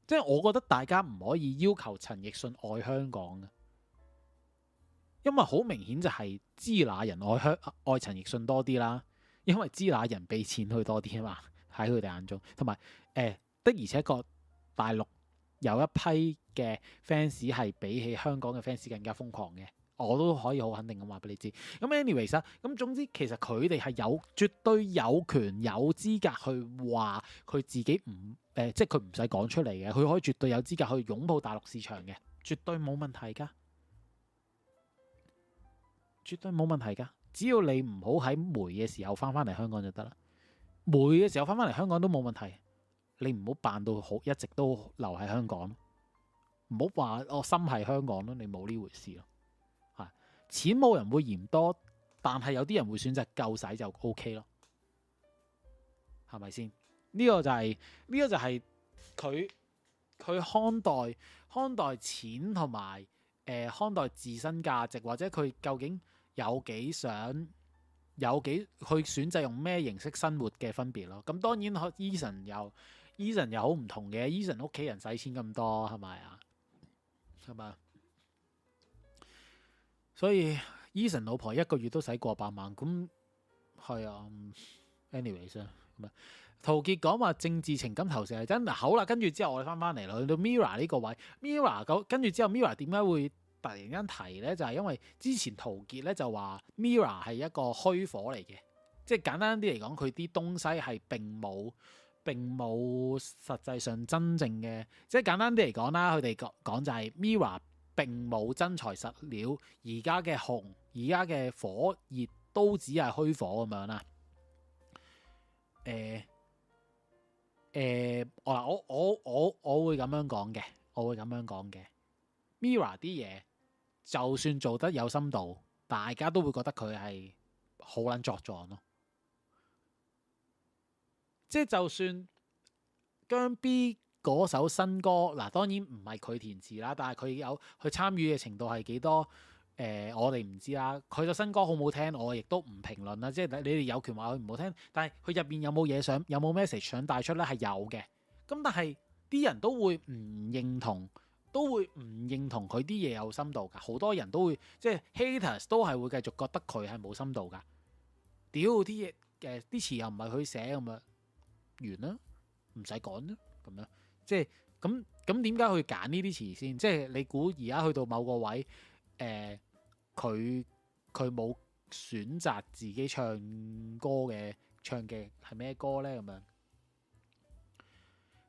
即係我覺得大家唔可以要求陳奕迅愛香港啊，因為好明顯就係支那人愛香愛陳奕迅多啲啦，因為支那人俾錢佢多啲啊嘛。喺佢哋眼中，同埋誒的而且確大陸。有一批嘅 fans 係比起香港嘅 fans 更加瘋狂嘅，我都可以好肯定咁話俾你知。咁 anyway，其實咁總之，其實佢哋係有絕對有權有資格去話佢自己唔誒、呃，即係佢唔使講出嚟嘅，佢可以絕對有資格去擁抱大陸市場嘅，絕對冇問題㗎，絕對冇問題㗎，只要你唔好喺霉嘅時候翻返嚟香港就得啦。霉嘅時候翻返嚟香港都冇問題。你唔好扮到好，一直都留喺香港，唔好話我心係香港咯。你冇呢回事咯，係錢冇人會嫌多，但係有啲人會選擇夠使就 OK 咯，係咪先？呢個就係呢個就係佢佢看待看待錢同埋誒看待自身價值，或者佢究竟有幾想有幾去選擇用咩形式生活嘅分別咯。咁當然，Eason 又。Eason 又好唔同嘅，Eason 屋企人使錢咁多，係咪啊？係咪？所以 Eason 老婆一個月都使過百萬，咁係啊。Anyways，陶傑講話政治情感投射係真嗱，好啦，跟住之後我哋翻翻嚟啦，去到 Mirror 呢個位，Mirror 咁跟住之後 Mirror 點解會突然間提咧？就係、是、因為之前陶傑咧就話 Mirror 係一個虛火嚟嘅，即係簡單啲嚟講，佢啲東西係並冇。並冇實際上真正嘅，即係簡單啲嚟講啦，佢哋講講就係 Mirror 並冇真材實料，而家嘅紅，而家嘅火熱都只係虛火咁樣啦。誒、呃、誒、呃，我我我我會咁樣講嘅，我會咁樣講嘅。Mirror 啲嘢就算做得有深度，大家都會覺得佢係好撚作狀咯。即係，就算姜 B 嗰首新歌嗱，當然唔係佢填詞啦，但係佢有佢參與嘅程度係幾多？誒、呃，我哋唔知啦。佢嘅新歌好唔好聽，我亦都唔評論啦。即係你哋有權話佢唔好聽，但係佢入邊有冇嘢想有冇 message 想帶出咧？係有嘅。咁但係啲人都會唔認同，都會唔認同佢啲嘢有深度㗎。好多人都會即係 haters 都係會繼續覺得佢係冇深度㗎。屌，啲嘢誒啲詞又唔係佢寫咁樣。完啦、啊，唔使講啦，咁樣，即係咁咁點解去揀呢啲詞先？即係你估而家去到某個位，誒、呃，佢佢冇選擇自己唱歌嘅唱嘅係咩歌咧？咁樣，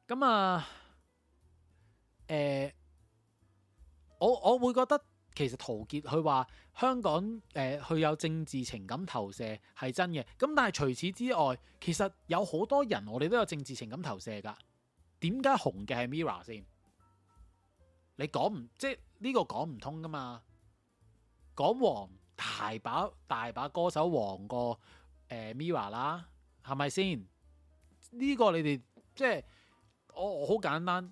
咁啊，誒、呃，我我會覺得。其實陶傑佢話香港誒佢、呃、有政治情感投射係真嘅，咁但係除此之外，其實有好多人我哋都有政治情感投射噶。點解紅嘅係 Mirror 先？你講唔即係呢、呢個講唔通噶嘛？講黃大把大把歌手黃過誒、呃、Mirror 啦，係咪先？呢、呢個你哋即係我我好簡單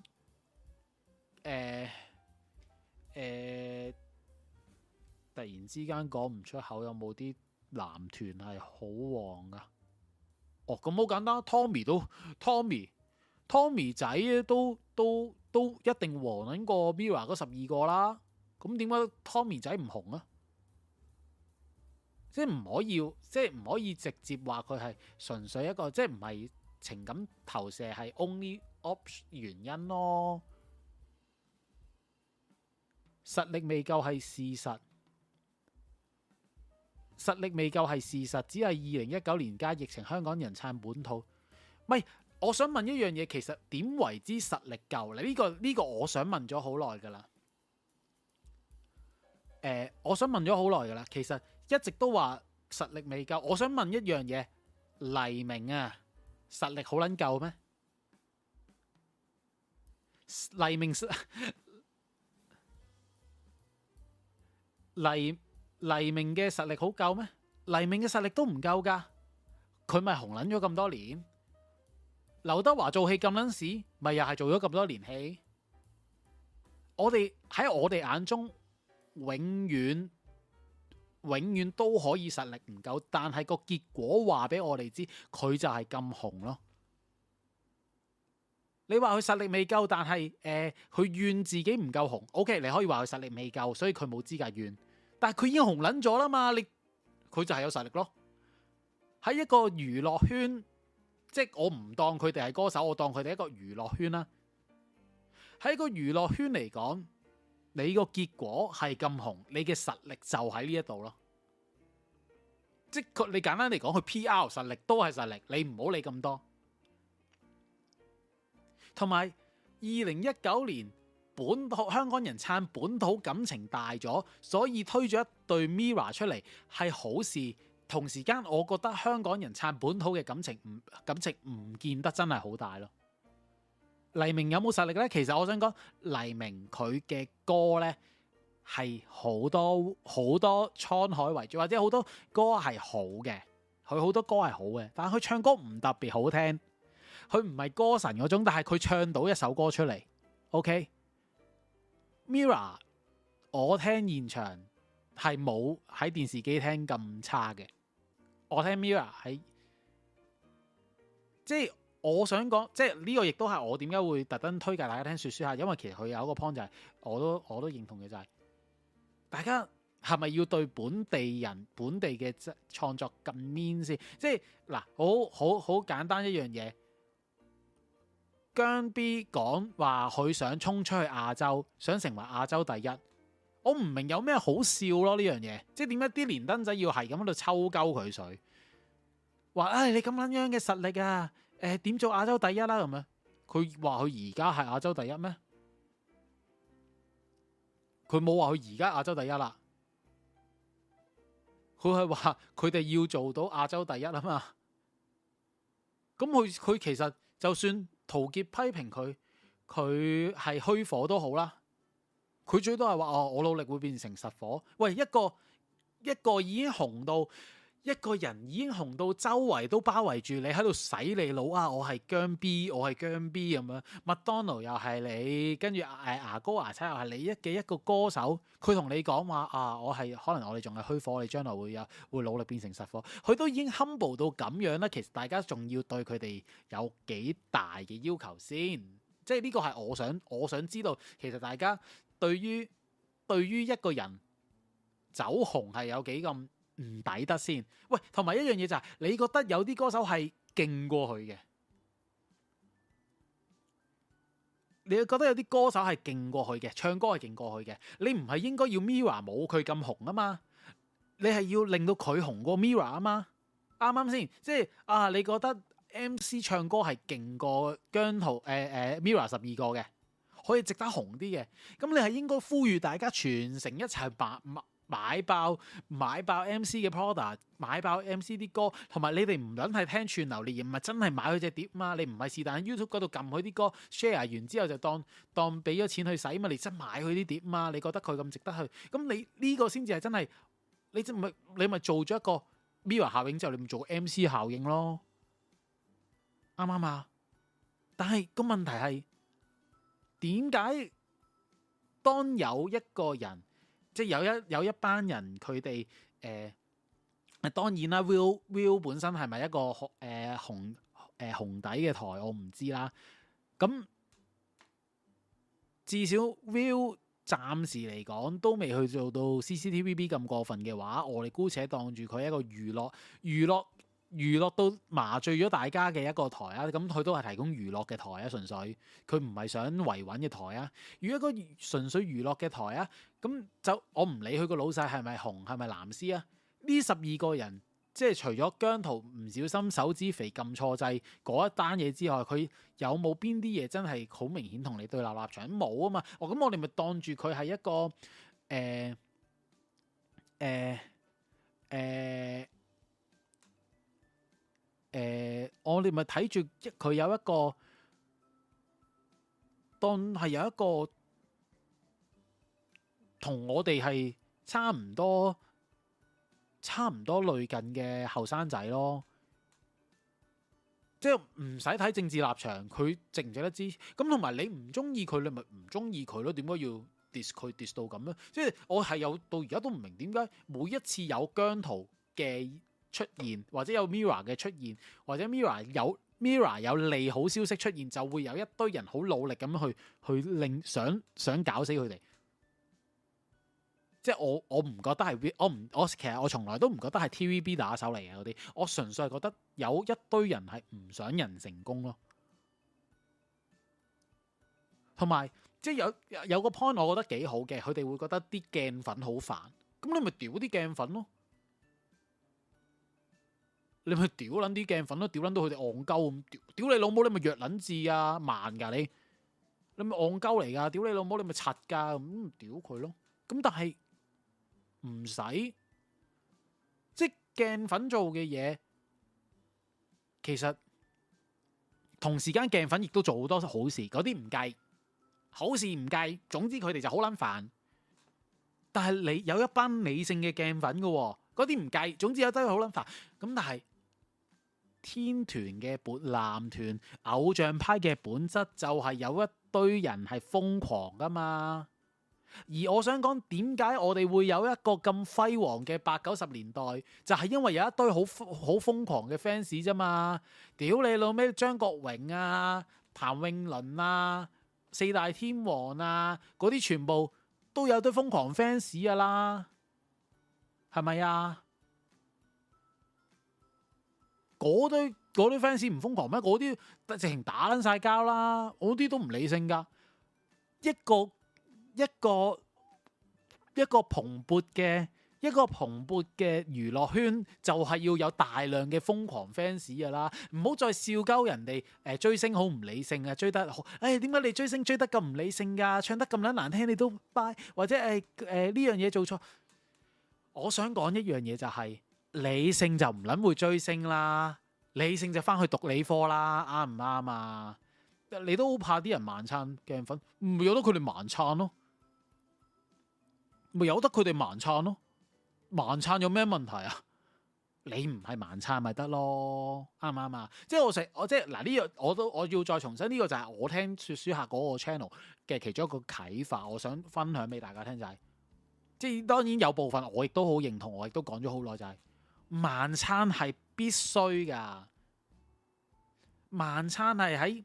誒誒。呃呃突然之間講唔出口，有冇啲男團係好旺㗎？哦，咁好簡單，Tommy 都 Tommy，Tommy Tommy 仔都都都一定旺撚過 Mirror 嗰十二個啦。咁點解 Tommy 仔唔紅啊？即係唔可以，即係唔可以直接話佢係純粹一個，即係唔係情感投射係 only option 原因咯？實力未夠係事實。實力未夠係事實，只係二零一九年加疫情，香港人撐本土。唔係，我想問一樣嘢，其實點為之實力夠？你呢個呢個，我想問、呃，我想問咗好耐噶啦。誒，我想問咗好耐噶啦，其實一直都話實力未夠。我想問一樣嘢，黎明啊，實力好撚夠咩？黎明，黎。黎明嘅實力好夠咩？黎明嘅實力都唔夠噶，佢咪紅捻咗咁多年。劉德華做戲咁捻屎，咪又係做咗咁多年戲。我哋喺我哋眼中永遠永遠都可以實力唔夠，但係個結果話俾我哋知，佢就係咁紅咯。你話佢實力未夠，但係誒佢怨自己唔夠紅。OK，你可以話佢實力未夠，所以佢冇資格怨。但係佢已經紅撚咗啦嘛，你佢就係有實力咯。喺一個娛樂圈，即係我唔當佢哋係歌手，我當佢哋一個娛樂圈啦。喺個娛樂圈嚟講，你個結果係咁紅，你嘅實力就喺呢一度咯。即係佢，你簡單嚟講，佢 PR 實力都係實力，你唔好理咁多。同埋二零一九年。本土香港人撐本土感情大咗，所以推咗一對 Mirror 出嚟係好事。同時間，我覺得香港人撐本土嘅感情唔感情唔見得真係好大咯。黎明有冇實力呢？其實我想講黎明佢嘅歌呢，係好多好多滄海為主，或者好多歌係好嘅，佢好多歌係好嘅，但係佢唱歌唔特別好聽，佢唔係歌神嗰種，但係佢唱到一首歌出嚟，OK。Mirror，我聽現場係冇喺電視機聽咁差嘅，我聽 Mirror 喺，即係我想講，即係呢個亦都係我點解會特登推介大家聽說書下，因為其實佢有一個 point 就係、是，我都我都認同嘅就係、是，大家係咪要對本地人本地嘅創作咁 mean 先？即係嗱，好好好簡單一樣嘢。姜 B 講話佢想衝出去亞洲，想成為亞洲第一。我唔明有咩好笑咯呢樣嘢，即係點解啲連登仔要係咁喺度抽鳩佢水，話誒、哎、你咁撚樣嘅實力啊，誒、呃、點做亞洲第一啦咁啊？佢話佢而家係亞洲第一咩？佢冇話佢而家亞洲第一啦，佢係話佢哋要做到亞洲第一啊嘛。咁佢佢其實就算。陶傑批評佢，佢係虛火都好啦，佢最多係話哦，我努力會變成實火。喂，一個一個已經紅到。一個人已經紅到周圍都包圍住你，喺度洗你腦啊！我係姜 B，我係姜 B 咁樣，麥當勞又係你，跟住誒、牙膏牙刷又係你一嘅一個歌手，佢同你講話啊！我係可能我哋仲係虛火，我哋將來會有會努力變成實火。佢都已經 humble 到咁樣啦，其實大家仲要對佢哋有幾大嘅要求先？即係呢個係我想我想知道，其實大家對於對於一個人走紅係有幾咁？唔抵得先，喂，同埋一樣嘢就係、是，你覺得有啲歌手係勁過佢嘅，你覺得有啲歌手係勁過佢嘅，唱歌係勁過佢嘅，你唔係應該要 Mirror 冇佢咁紅啊嘛？你係要令到佢紅過 Mirror 啊嘛？啱啱先，即、就、係、是、啊，你覺得 MC 唱歌係勁過姜濤，誒、呃、誒、呃、Mirror 十二個嘅，可以值得紅啲嘅，咁你係應該呼籲大家全城一齊白麥。買爆，買爆 MC 嘅 product，買爆 MC 啲歌，同埋你哋唔淨係聽串流，你而唔係真係買佢隻碟嘛？你唔係是但喺 YouTube 嗰度撳佢啲歌，share 完之後就當當俾咗錢去使嘛？你真買佢啲碟嘛？你覺得佢咁值得去？咁你呢個先至係真係，你即係咪你咪做咗一個 mirror 效應之後，你唔做 MC 效應咯？啱唔啱啊？但係個問題係點解當有一個人？即係有一有一班人佢哋誒當然啦，Viu Viu 本身係咪一個誒、呃、紅誒、呃、紅底嘅台我唔知啦。咁至少 Viu 暫時嚟講都未去做到 CCTVB 咁過分嘅話，我哋姑且當住佢一個娛樂娛樂。娛樂到麻醉咗大家嘅一個台啊，咁佢都係提供娛樂嘅台啊，純粹佢唔係想維穩嘅台啊，如果個純粹娛樂嘅台啊，咁就我唔理佢個老細係咪紅，係咪藍絲啊，呢十二個人即係除咗姜濤唔小心手指肥撳錯掣嗰一單嘢之外，佢有冇邊啲嘢真係好明顯同你對立立場？冇啊嘛，哦咁我哋咪當住佢係一個誒誒誒。呃呃呃呃誒、呃，我哋咪睇住佢有一個，當係有一個同我哋係差唔多，差唔多類近嘅後生仔咯。即係唔使睇政治立場，佢值唔值得知？咁同埋你唔中意佢，你咪唔中意佢咯？點解要 dis 佢 dis 到咁咧？即係我係有到而家都唔明，點解每一次有姜濤嘅出現或者有 Mirror 嘅出現，或者 Mirror 有 Mirror 有利好消息出現，就會有一堆人好努力咁去去令想想搞死佢哋。即係我我唔覺得係我唔我其實我從來都唔覺得係 TVB 打手嚟嘅嗰啲，我純粹係覺得有一堆人係唔想人成功咯。同埋即係有有個 point，我覺得幾好嘅，佢哋會覺得啲鏡粉好煩，咁你咪屌啲鏡粉咯。你咪屌捻啲鏡粉咯，屌捻到佢哋戇鳩咁屌！屌你老母，你咪弱捻智啊，盲噶啊你！你咪戇鳩嚟噶，屌你老母，你咪柒噶咁屌佢咯！咁但係唔使，即鏡粉做嘅嘢，其實同時間鏡粉亦都做好多好事，嗰啲唔計，好事唔計，總之佢哋就好捻煩。但係你有一班理性嘅鏡粉嘅，嗰啲唔計，總之有得好捻煩。咁但係。天團嘅撥男團偶像派嘅本質就係有一堆人係瘋狂噶嘛，而我想講，點解我哋會有一個咁輝煌嘅八九十年代，就係、是、因為有一堆好好瘋狂嘅 fans 啫嘛。屌你老味張國榮啊、譚詠麟啊、四大天王啊嗰啲全部都有堆瘋狂 fans 噶啦，係咪啊？嗰堆嗰堆 fans 唔瘋狂咩？嗰啲直情打撚晒交啦！嗰啲都唔理性噶。一個一個一個蓬勃嘅一個蓬勃嘅娛樂圈就係要有大量嘅瘋狂 fans 噶啦。唔好再笑鳩人哋誒追星好唔理性啊！追得好，誒點解你追星追得咁唔理性噶、啊？唱得咁撚難聽，你都 by 或者誒誒呢樣嘢做錯。我想講一樣嘢就係、是。理性就唔捻會追星啦，理性就翻去讀理科啦，啱唔啱啊？你都好怕啲人盲撐鏡粉，咪由得佢哋盲撐咯、啊，咪由得佢哋盲撐咯、啊。盲撐有咩問題啊？你唔係盲撐咪得咯，啱唔啱啊？即係我成，我即係嗱呢樣，我都我要再重申呢、這個就係我聽說書客嗰個 channel 嘅其中一個啟發，我想分享俾大家聽就係、是，即係當然有部分我亦都好認同，我亦都講咗好耐就係、是。晚餐係必須㗎，晚餐係喺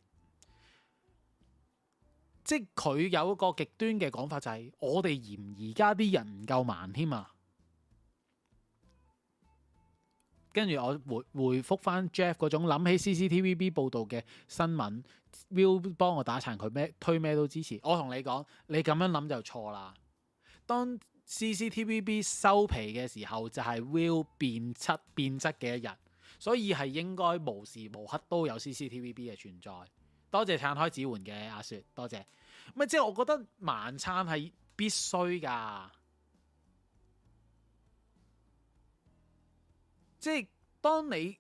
即佢有一個極端嘅講法，就係、是、我哋嫌而家啲人唔夠慢添啊！跟住我回回覆翻 Jeff 嗰種諗起 CCTV B 報導嘅新聞 ，Will 幫我打殘佢咩推咩都支持。我同你講，你咁樣諗就錯啦。當 CCTVB 收皮嘅時候就係 Will 變質變質嘅一日，所以係應該無時無刻都有 CCTVB 嘅存在。多謝撐開子桓嘅阿雪，多謝。咪即係我覺得盲撐係必須㗎，即係當你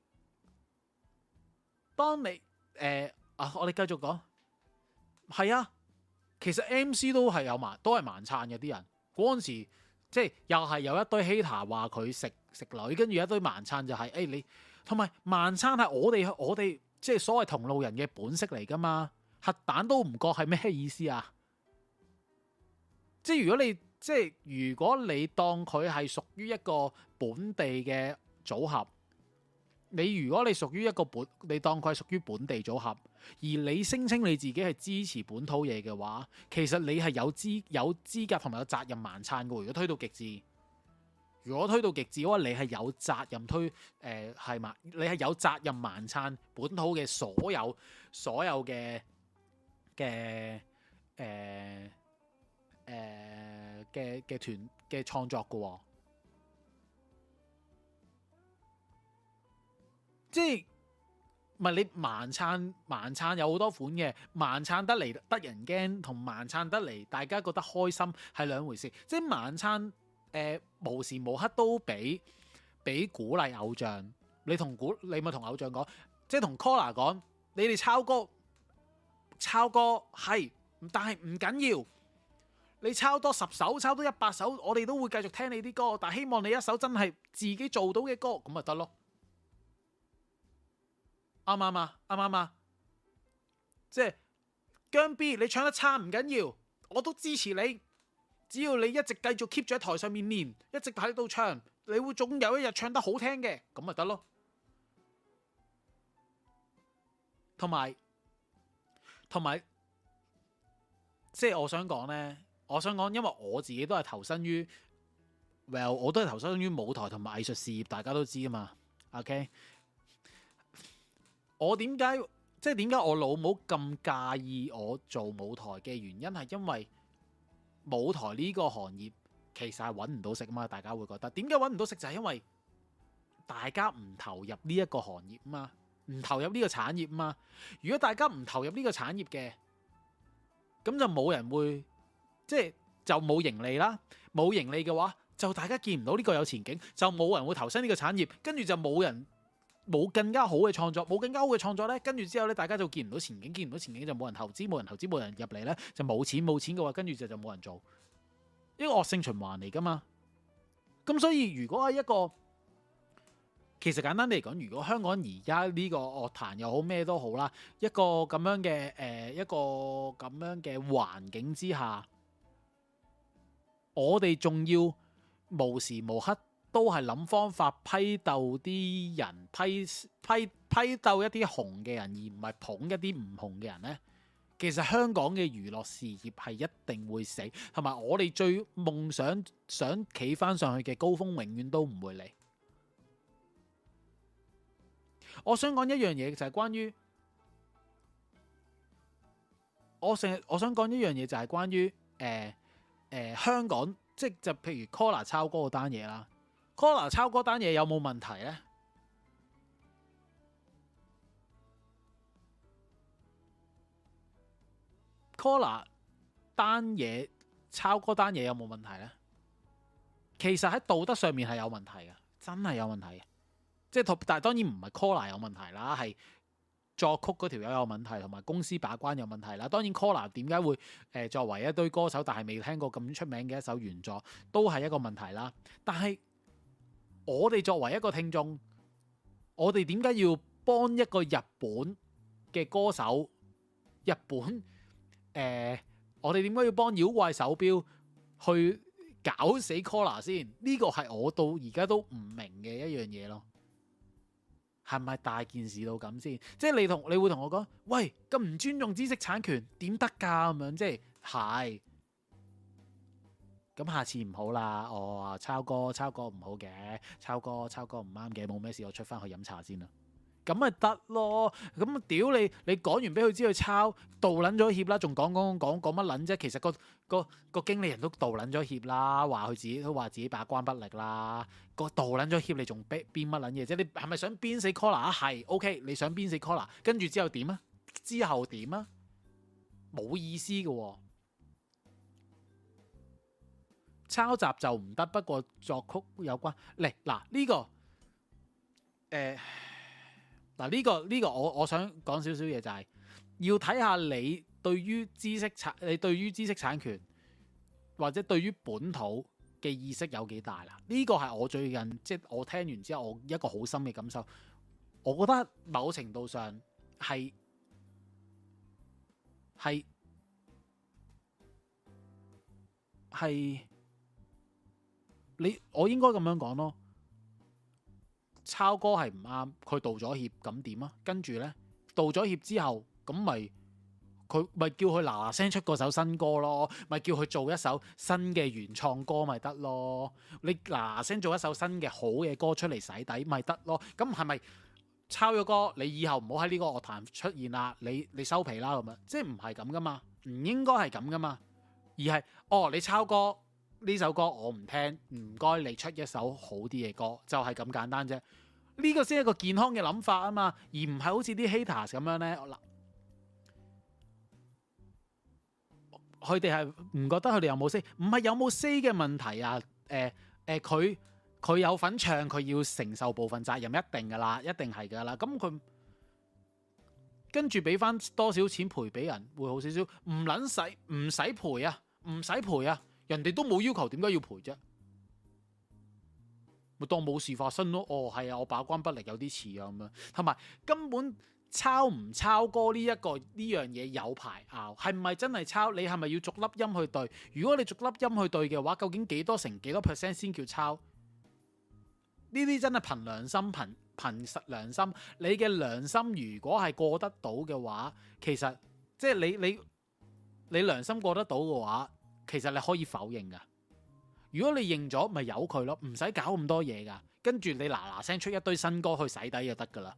當你誒、呃、啊，我哋繼續講係啊，其實 MC 都係有盲都係盲撐嘅啲人。嗰陣時，即係又係有一堆希塔話佢食食女，跟住一堆晚餐就係、是，誒、哎、你同埋晚餐係我哋我哋即係所謂同路人嘅本色嚟噶嘛㗎，核彈都唔覺係咩意思啊！即係如果你即係如果你當佢係屬於一個本地嘅組合，你如果你屬於一個本，你當佢係屬於本地組合。而你聲稱你自己係支持本土嘢嘅話，其實你係有資有資格同埋有責任盲撐嘅。如果推到極致，如果推到極致，嘅話你係有責任推誒係嘛？你係有責任盲撐本土嘅所有所有嘅嘅誒誒嘅嘅團嘅創作嘅喎，即係。唔係你盲撐，盲撐有好多款嘅，盲撐得嚟得人驚同盲撐得嚟大家覺得開心係兩回事。即係盲撐，誒、呃、無時無刻都俾俾鼓勵偶像。你同鼓，你咪同偶像講，即係同 Collar 講，你哋抄歌，抄歌係，但係唔緊要。你抄多十首，抄多一百首，我哋都會繼續聽你啲歌，但希望你一首真係自己做到嘅歌咁咪得咯。啱唔啱啊？啱唔啱啊？即係姜 B，你唱得差唔緊要，我都支持你。只要你一直繼續 keep 住喺台上面練，一直喺度唱，你會總有一日唱得好聽嘅。咁咪得咯。同埋，同埋，即係我想講呢，我想講，因為我自己都係投身於，well，我都係投身於舞台同埋藝術事業，大家都知啊嘛。OK。我點解，即係點解我老母咁介意我做舞台嘅原因係因為舞台呢個行業其實係揾唔到食啊嘛，大家會覺得點解揾唔到食就係因為大家唔投入呢一個行業啊嘛，唔投入呢個產業啊嘛。如果大家唔投入呢個產業嘅，咁就冇人會即係就冇盈利啦。冇盈利嘅話，就大家見唔到呢個有前景，就冇人會投身呢個產業，跟住就冇人。冇更加好嘅創作，冇更加好嘅創作呢，跟住之後呢，大家就見唔到前景，見唔到前景就冇人投資，冇人投資，冇人入嚟呢，就冇錢，冇錢嘅話，跟住就就冇人做，呢個惡性循環嚟噶嘛。咁所以如果係一個其實簡單嚟講，如果香港而家呢個樂壇又好咩都好啦，一個咁樣嘅誒、呃、一個咁樣嘅環境之下，我哋仲要無時無刻，都係諗方法批鬥啲人，批批批鬥一啲紅嘅人，而唔係捧一啲唔紅嘅人呢，其實香港嘅娛樂事業係一定會死，同埋我哋最夢想想企翻上去嘅高峰，永遠都唔會嚟。我想講一樣嘢就係關於，我成日我想講一樣嘢就係關於誒誒香港，即係就譬如 Collar 抄歌嗰單嘢啦。Collar 抄歌單嘢有冇問題咧？Collar 單嘢抄歌單嘢有冇問題咧？其實喺道德上面係有問題嘅，真係有問題嘅。即係，但係當然唔係 Collar 有問題啦，係作曲嗰條友有問題，同埋公司把關有問題啦。當然，Collar、er、點解會誒作為一堆歌手，但係未聽過咁出名嘅一首原作，都係一個問題啦。但係。我哋作為一個聽眾，我哋點解要幫一個日本嘅歌手？日本誒、呃，我哋點解要幫妖怪手表去搞死 Collar 先？呢、這個係我到而家都唔明嘅一樣嘢咯。係咪大件事到咁先？即係你同你會同我講，喂咁唔尊重知識產權點得噶？咁樣即係係。咁下次唔好啦，哦抄哥抄哥唔好嘅，抄哥抄哥唔啱嘅，冇咩事我出翻去飲茶先啦。咁咪得咯？咁屌你！你講完俾佢知佢抄，道撚咗歉啦，仲講講講講乜撚啫？其實個個個經理人都道撚咗歉啦，話佢自己都話自己把關不力啦。個道撚咗歉你，你仲逼編乜捻嘢？啫？你係咪想鞭死 caller 啊？係 OK，你想鞭死 caller, 跟住之後點啊？之後點啊？冇意思噶、哦。抄襲就唔得，不過作曲有關嚟嗱呢個誒嗱呢個呢、呢個我我想講少少嘢就係、係、要睇下你對於知識產你對於知識產權或者對於本土嘅意識有幾大啦？呢、呢個係我最近即係我聽完之後，我一個好深嘅感受，我覺得某程度上係係係。你我應該咁樣講咯，抄歌係唔啱，佢道咗歉咁點啊？跟住呢，道咗歉之後咁咪佢咪叫佢嗱嗱聲出嗰首新歌咯，咪叫佢做一首新嘅原創歌咪得咯。你嗱嗱聲做一首新嘅好嘅歌出嚟洗底咪得咯。咁係咪抄咗歌？你以後唔好喺呢個樂壇出現啦。你你收皮啦咁樣，即係唔係咁㗎嘛？唔應該係咁㗎嘛，而係哦你抄歌。呢首歌我唔聽，唔該你出一首好啲嘅歌，就係、是、咁簡單啫。呢、這個先係一個健康嘅諗法啊嘛，而唔係好似啲 haters 咁樣咧。嗱，佢哋係唔覺得佢哋有冇 say，唔係有冇 say 嘅問題啊？誒、呃、誒，佢、呃、佢有份唱，佢要承受部分責任，一定噶啦，一定係噶啦。咁佢跟住俾翻多少錢賠俾人會好少少，唔撚使，唔使賠啊，唔使賠啊。人哋都冇要求，點解要賠啫？咪當冇事發生咯。哦，係啊，我把關不力有啲似啊咁樣，同埋根本抄唔抄歌呢一個呢樣嘢有排拗，係咪真係抄？你係咪要逐粒音去對？如果你逐粒音去對嘅話，究竟幾多成幾多 percent 先叫抄？呢啲真係憑良心，憑憑實良心。你嘅良心如果係過得到嘅話，其實即係你你你良心過得到嘅話。其實你可以否認噶，如果你認咗，咪由佢咯，唔使搞咁多嘢噶。跟住你嗱嗱聲出一堆新歌去洗底就得噶啦。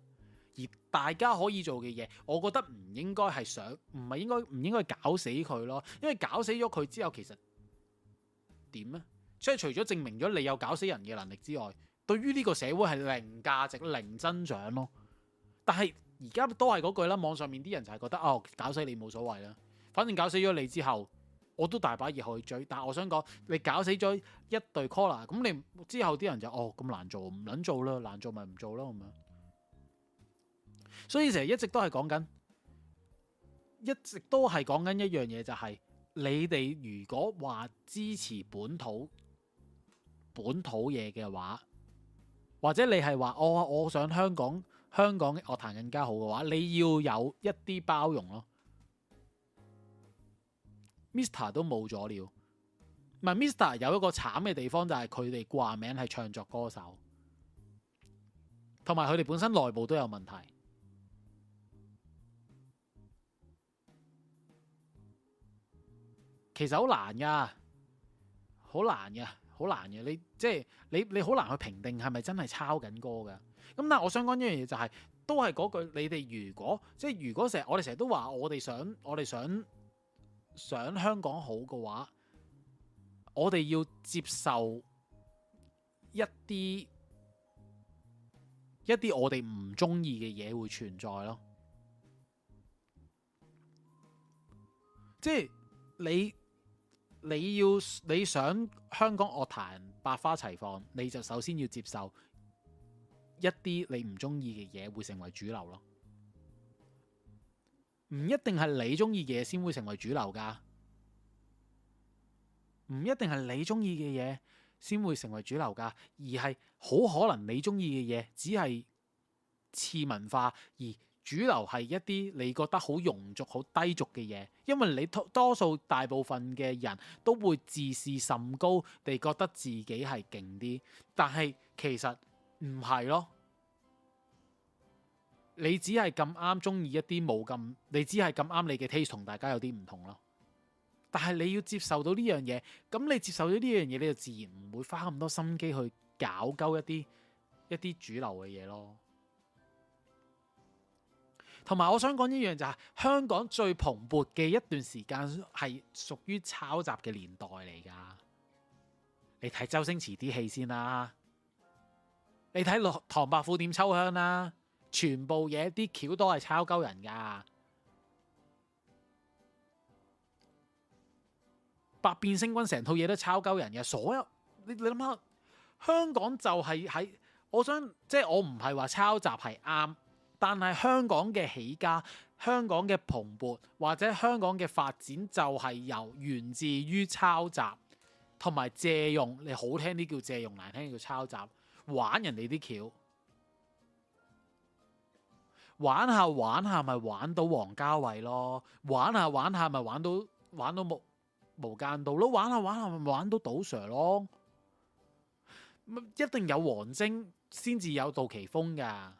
而大家可以做嘅嘢，我覺得唔應該係想，唔係應該唔應該搞死佢咯。因為搞死咗佢之後，其實點呢？即係除咗證明咗你有搞死人嘅能力之外，對於呢個社會係零價值，零增長咯。但係而家都係嗰句啦，網上面啲人就係覺得哦，搞死你冇所謂啦，反正搞死咗你之後。.我都大把嘢可以去追，但係我想講，你搞死咗一隊 Collar，咁你之後啲人就哦，咁難做，唔撚做啦，難做咪唔做咯咁樣。所以成日一直都係講緊，一直都係講緊一樣嘢、就係，就係你哋如果話支持本土本土嘢嘅話，或者你係話我我想香港香港嘅樂壇更加好嘅話，你要有一啲包容咯。Mr 都冇咗了，唔係 Mr 有一個慘嘅地方就係佢哋掛名係唱作歌手，同埋佢哋本身內部都有問題，其實好難噶，好難嘅，好難嘅，你即係、就是、你你好難去評定係咪真係抄緊歌噶，咁但係我想講一樣嘢就係、是、都係嗰句，你哋如果即係、就是、如果成日我哋成日都話我哋想我哋想。想香港好嘅話，我哋要接受一啲一啲我哋唔中意嘅嘢會存在咯。即係你你要你想香港樂壇百花齊放，你就首先要接受一啲你唔中意嘅嘢會成為主流咯。唔一定係你中意嘅嘢先會成為主流㗎，唔一定係你中意嘅嘢先會成為主流㗎，而係好可能你中意嘅嘢只係次文化，而主流係一啲你覺得好庸俗、好低俗嘅嘢，因為你多多數大部分嘅人都會自視甚高地覺得自己係勁啲，但係其實唔係咯。你只係咁啱中意一啲冇咁，你只係咁啱你嘅 taste，同大家有啲唔同咯。但係你要接受到呢樣嘢，咁你接受到呢樣嘢，你就自然唔會花咁多心機去搞鳩一啲一啲主流嘅嘢咯。同埋我想講一樣就係、是、香港最蓬勃嘅一段時間係屬於抄襲嘅年代嚟噶。你睇周星馳啲戲先啦、啊，你睇《落唐伯虎點秋香、啊》啦。全部嘢啲橋都係抄鳩人㗎，百變星君成套嘢都抄鳩人嘅。所有你你諗下，香港就係喺我想，即係我唔係話抄襲係啱，但係香港嘅起家，香港嘅蓬勃或者香港嘅發展就係由源自於抄襲同埋借用，你好聽啲叫借用，難聽啲叫抄襲，玩人哋啲橋。玩下玩下咪玩到王家衛咯，玩下玩下咪玩到玩到無間道咯，玩下玩下咪玩到賭 Sir 咯，一定有王晶先至有杜琪峰噶，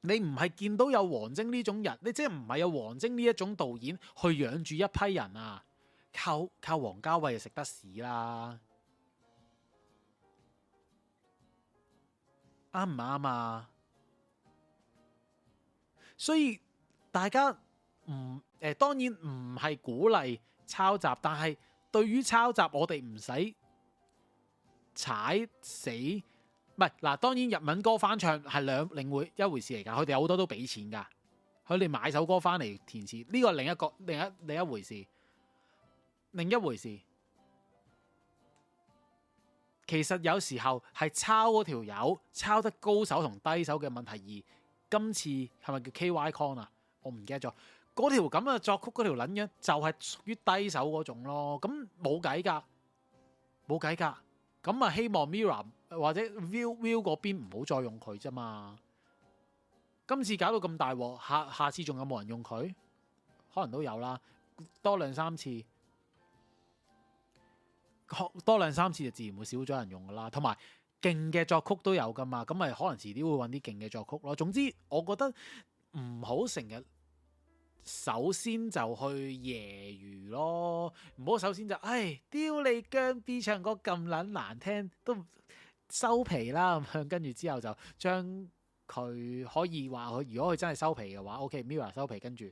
你唔係見到有王晶呢種人，你即係唔係有王晶呢一種導演去養住一批人啊？靠靠王家衛就食得屎啦，啱唔啱啊？所以大家唔誒、呃，當然唔係鼓勵抄襲，但係對於抄襲，我哋唔使踩死。唔係嗱，當然日文歌翻唱係兩，另一回，一回事嚟噶，佢哋有好多都俾錢噶，佢哋買首歌翻嚟填詞，呢個另一個另一另一回事，另一回事。其實有時候係抄嗰條友，抄得高手同低手嘅問題二。今次係咪叫 K Y Con 啊？我唔記得咗。嗰條咁嘅作曲嗰條撚樣就係屬於低手嗰種咯。咁冇計噶，冇計噶。咁啊希望 Mirror 或者 View View 嗰邊唔好再用佢啫嘛。今次搞到咁大鑊，下下次仲有冇人用佢？可能都有啦，多兩三次，多兩三次就自然會少咗人用噶啦。同埋。勁嘅作曲都有噶嘛，咁咪可能遲啲會揾啲勁嘅作曲咯。總之我覺得唔好成日首先就去揶揄咯，唔好首先就唉，丟你姜 B 唱歌咁撚難聽都收皮啦，咁跟住之後就將佢可以話佢如果佢真係收皮嘅話，OK，Mirror、OK，收皮，跟住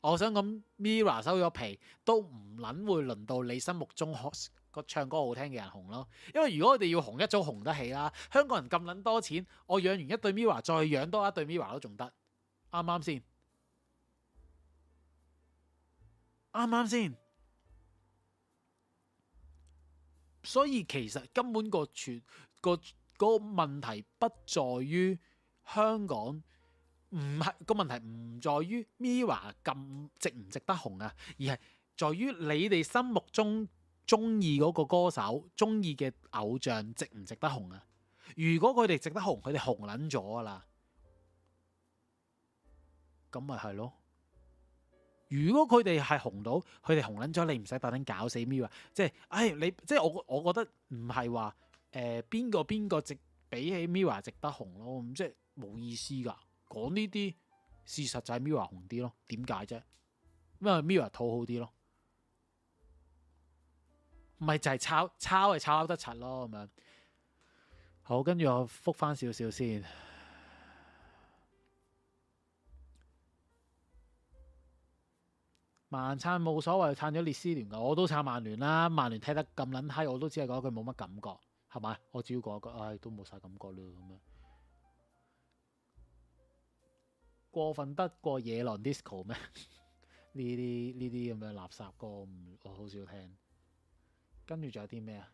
我想講 Mirror 收咗皮都唔撚會輪到你心目中個唱歌好聽嘅人紅咯，因為如果我哋要紅一早紅得起啦，香港人咁捻多錢，我養完一對 Mirror 再養多一對 Mirror 都仲得，啱啱先？啱啱先？所以其實根本個全、嗰個、嗰個問題不在於香港，唔係、嗰個問題唔在於 Mirror 咁值唔值得紅啊，而係在於你哋心目中。中意嗰個歌手，中意嘅偶像值唔值得紅啊？如果佢哋值得紅，佢哋紅撚咗啦，咁咪係咯。如果佢哋係紅到，佢哋紅撚咗，你唔使特登搞死 Mirror 啊！即係，唉、哎，你即係我，我覺得唔係話，誒、呃、邊個邊個值比起 Mirror 啊值得紅咯？即係冇意思噶，講呢啲事實就係 Mirror 紅啲咯。點解啫？因為 Mirror 討好啲咯。唔係就係抄，抄係抄得柒咯咁樣。好，跟住我覆返少少先。曼撐冇所謂，撐咗列斯聯噶，我都撐曼聯啦。曼聯踢得咁撚閪，我都只係講句冇乜感覺，係咪？我只要講一句，唉、哎，都冇晒感覺啦咁樣。過分得過野狼 disco 咩？呢啲呢啲咁嘅垃圾歌，我好少聽。跟住仲有啲咩啊？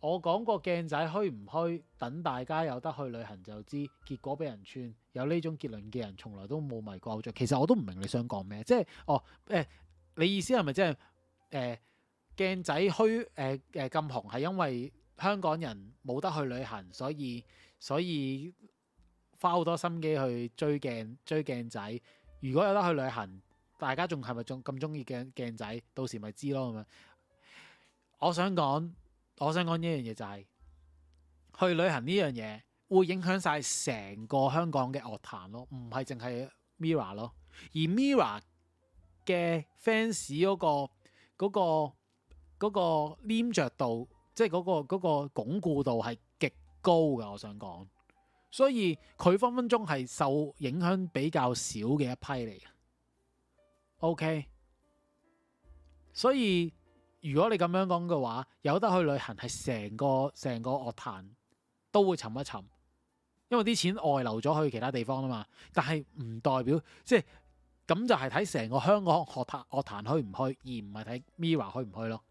我講過鏡仔虛唔虛，等大家有得去旅行就知。結果俾人串。有呢種結論嘅人，從來都冇迷過偶像。其實我都唔明你想講咩，即係哦誒、呃，你意思係咪即係誒鏡仔虛誒誒咁紅係因為香港人冇得去旅行，所以所以花好多心機去追鏡追鏡仔。如果有得去旅行，大家仲係咪仲咁中意鏡鏡仔？到時咪知咯，咁啊。我想講，我想講呢樣嘢就係去旅行呢樣嘢會影響晒成個香港嘅樂壇咯，唔係淨係 Mirror 咯，而 Mirror 嘅 fans 嗰個嗰個嗰個黏着度，即係嗰個嗰個鞏固度係極高㗎。我想講，所以佢分分鐘係受影響比較少嘅一批嚟嘅。OK，所以。如果你咁樣講嘅話，有得去旅行係成個成個樂壇都會沉一沉，因為啲錢外流咗去其他地方吖嘛。但係唔代表即係咁，就係睇成個香港樂壇樂壇去唔去，而唔係睇 Mirror 去唔去咯。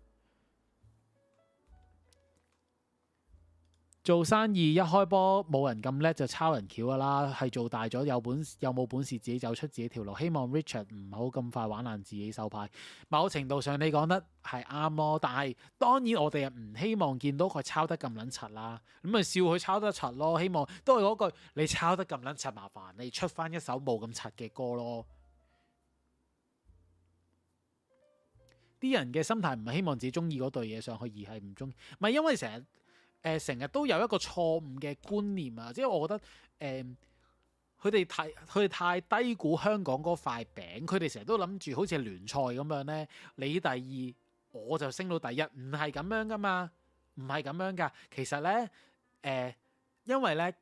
做生意一開波冇人咁叻就抄人橋噶啦，係做大咗有本有冇本事自己走出自己條路。希望 Richard 唔好咁快玩爛自己手牌。某程度上你講得係啱咯，但係當然我哋又唔希望見到佢抄得咁撚柒啦。咁咪笑佢抄得柒咯，希望都係嗰句，你抄得咁撚柒麻煩你出翻一首冇咁柒嘅歌咯。啲人嘅心態唔係希望自己中意嗰對嘢上去，而係唔中意，唔係因為成日。誒成日都有一個錯誤嘅觀念啊，即係我覺得誒，佢哋太佢哋太低估香港嗰塊餅，佢哋成日都諗住好似聯賽咁樣咧，你第二我就升到第一，唔係咁樣噶嘛，唔係咁樣噶，其實咧誒，因為咧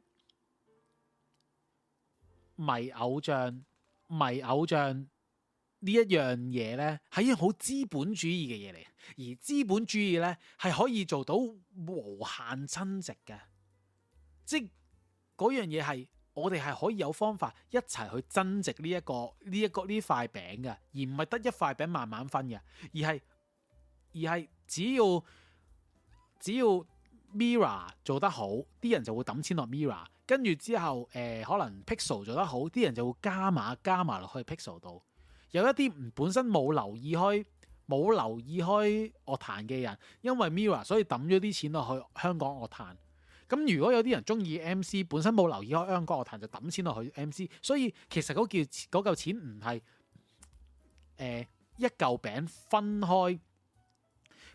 迷偶像迷偶像。呢一樣嘢呢係一樣好資本主義嘅嘢嚟。而資本主義呢係可以做到無限增值嘅。即係嗰樣嘢係我哋係可以有方法一齊去增值呢一個呢一個呢塊餅嘅，而唔係得一塊餅慢慢分嘅。而係而係只要只要 Mirror 做得好，啲人就會抌錢落 Mirror。跟住之後，誒、呃、可能 Pixel 做得好，啲人就會加碼加碼落去 Pixel 度。有一啲唔本身冇留意開冇留意開樂壇嘅人，因為 Mirror 所以抌咗啲錢落去香港樂壇。咁如果有啲人中意 MC，本身冇留意開香港樂壇就抌錢落去 MC。所以其實嗰嚿嚿錢唔係誒一嚿餅分開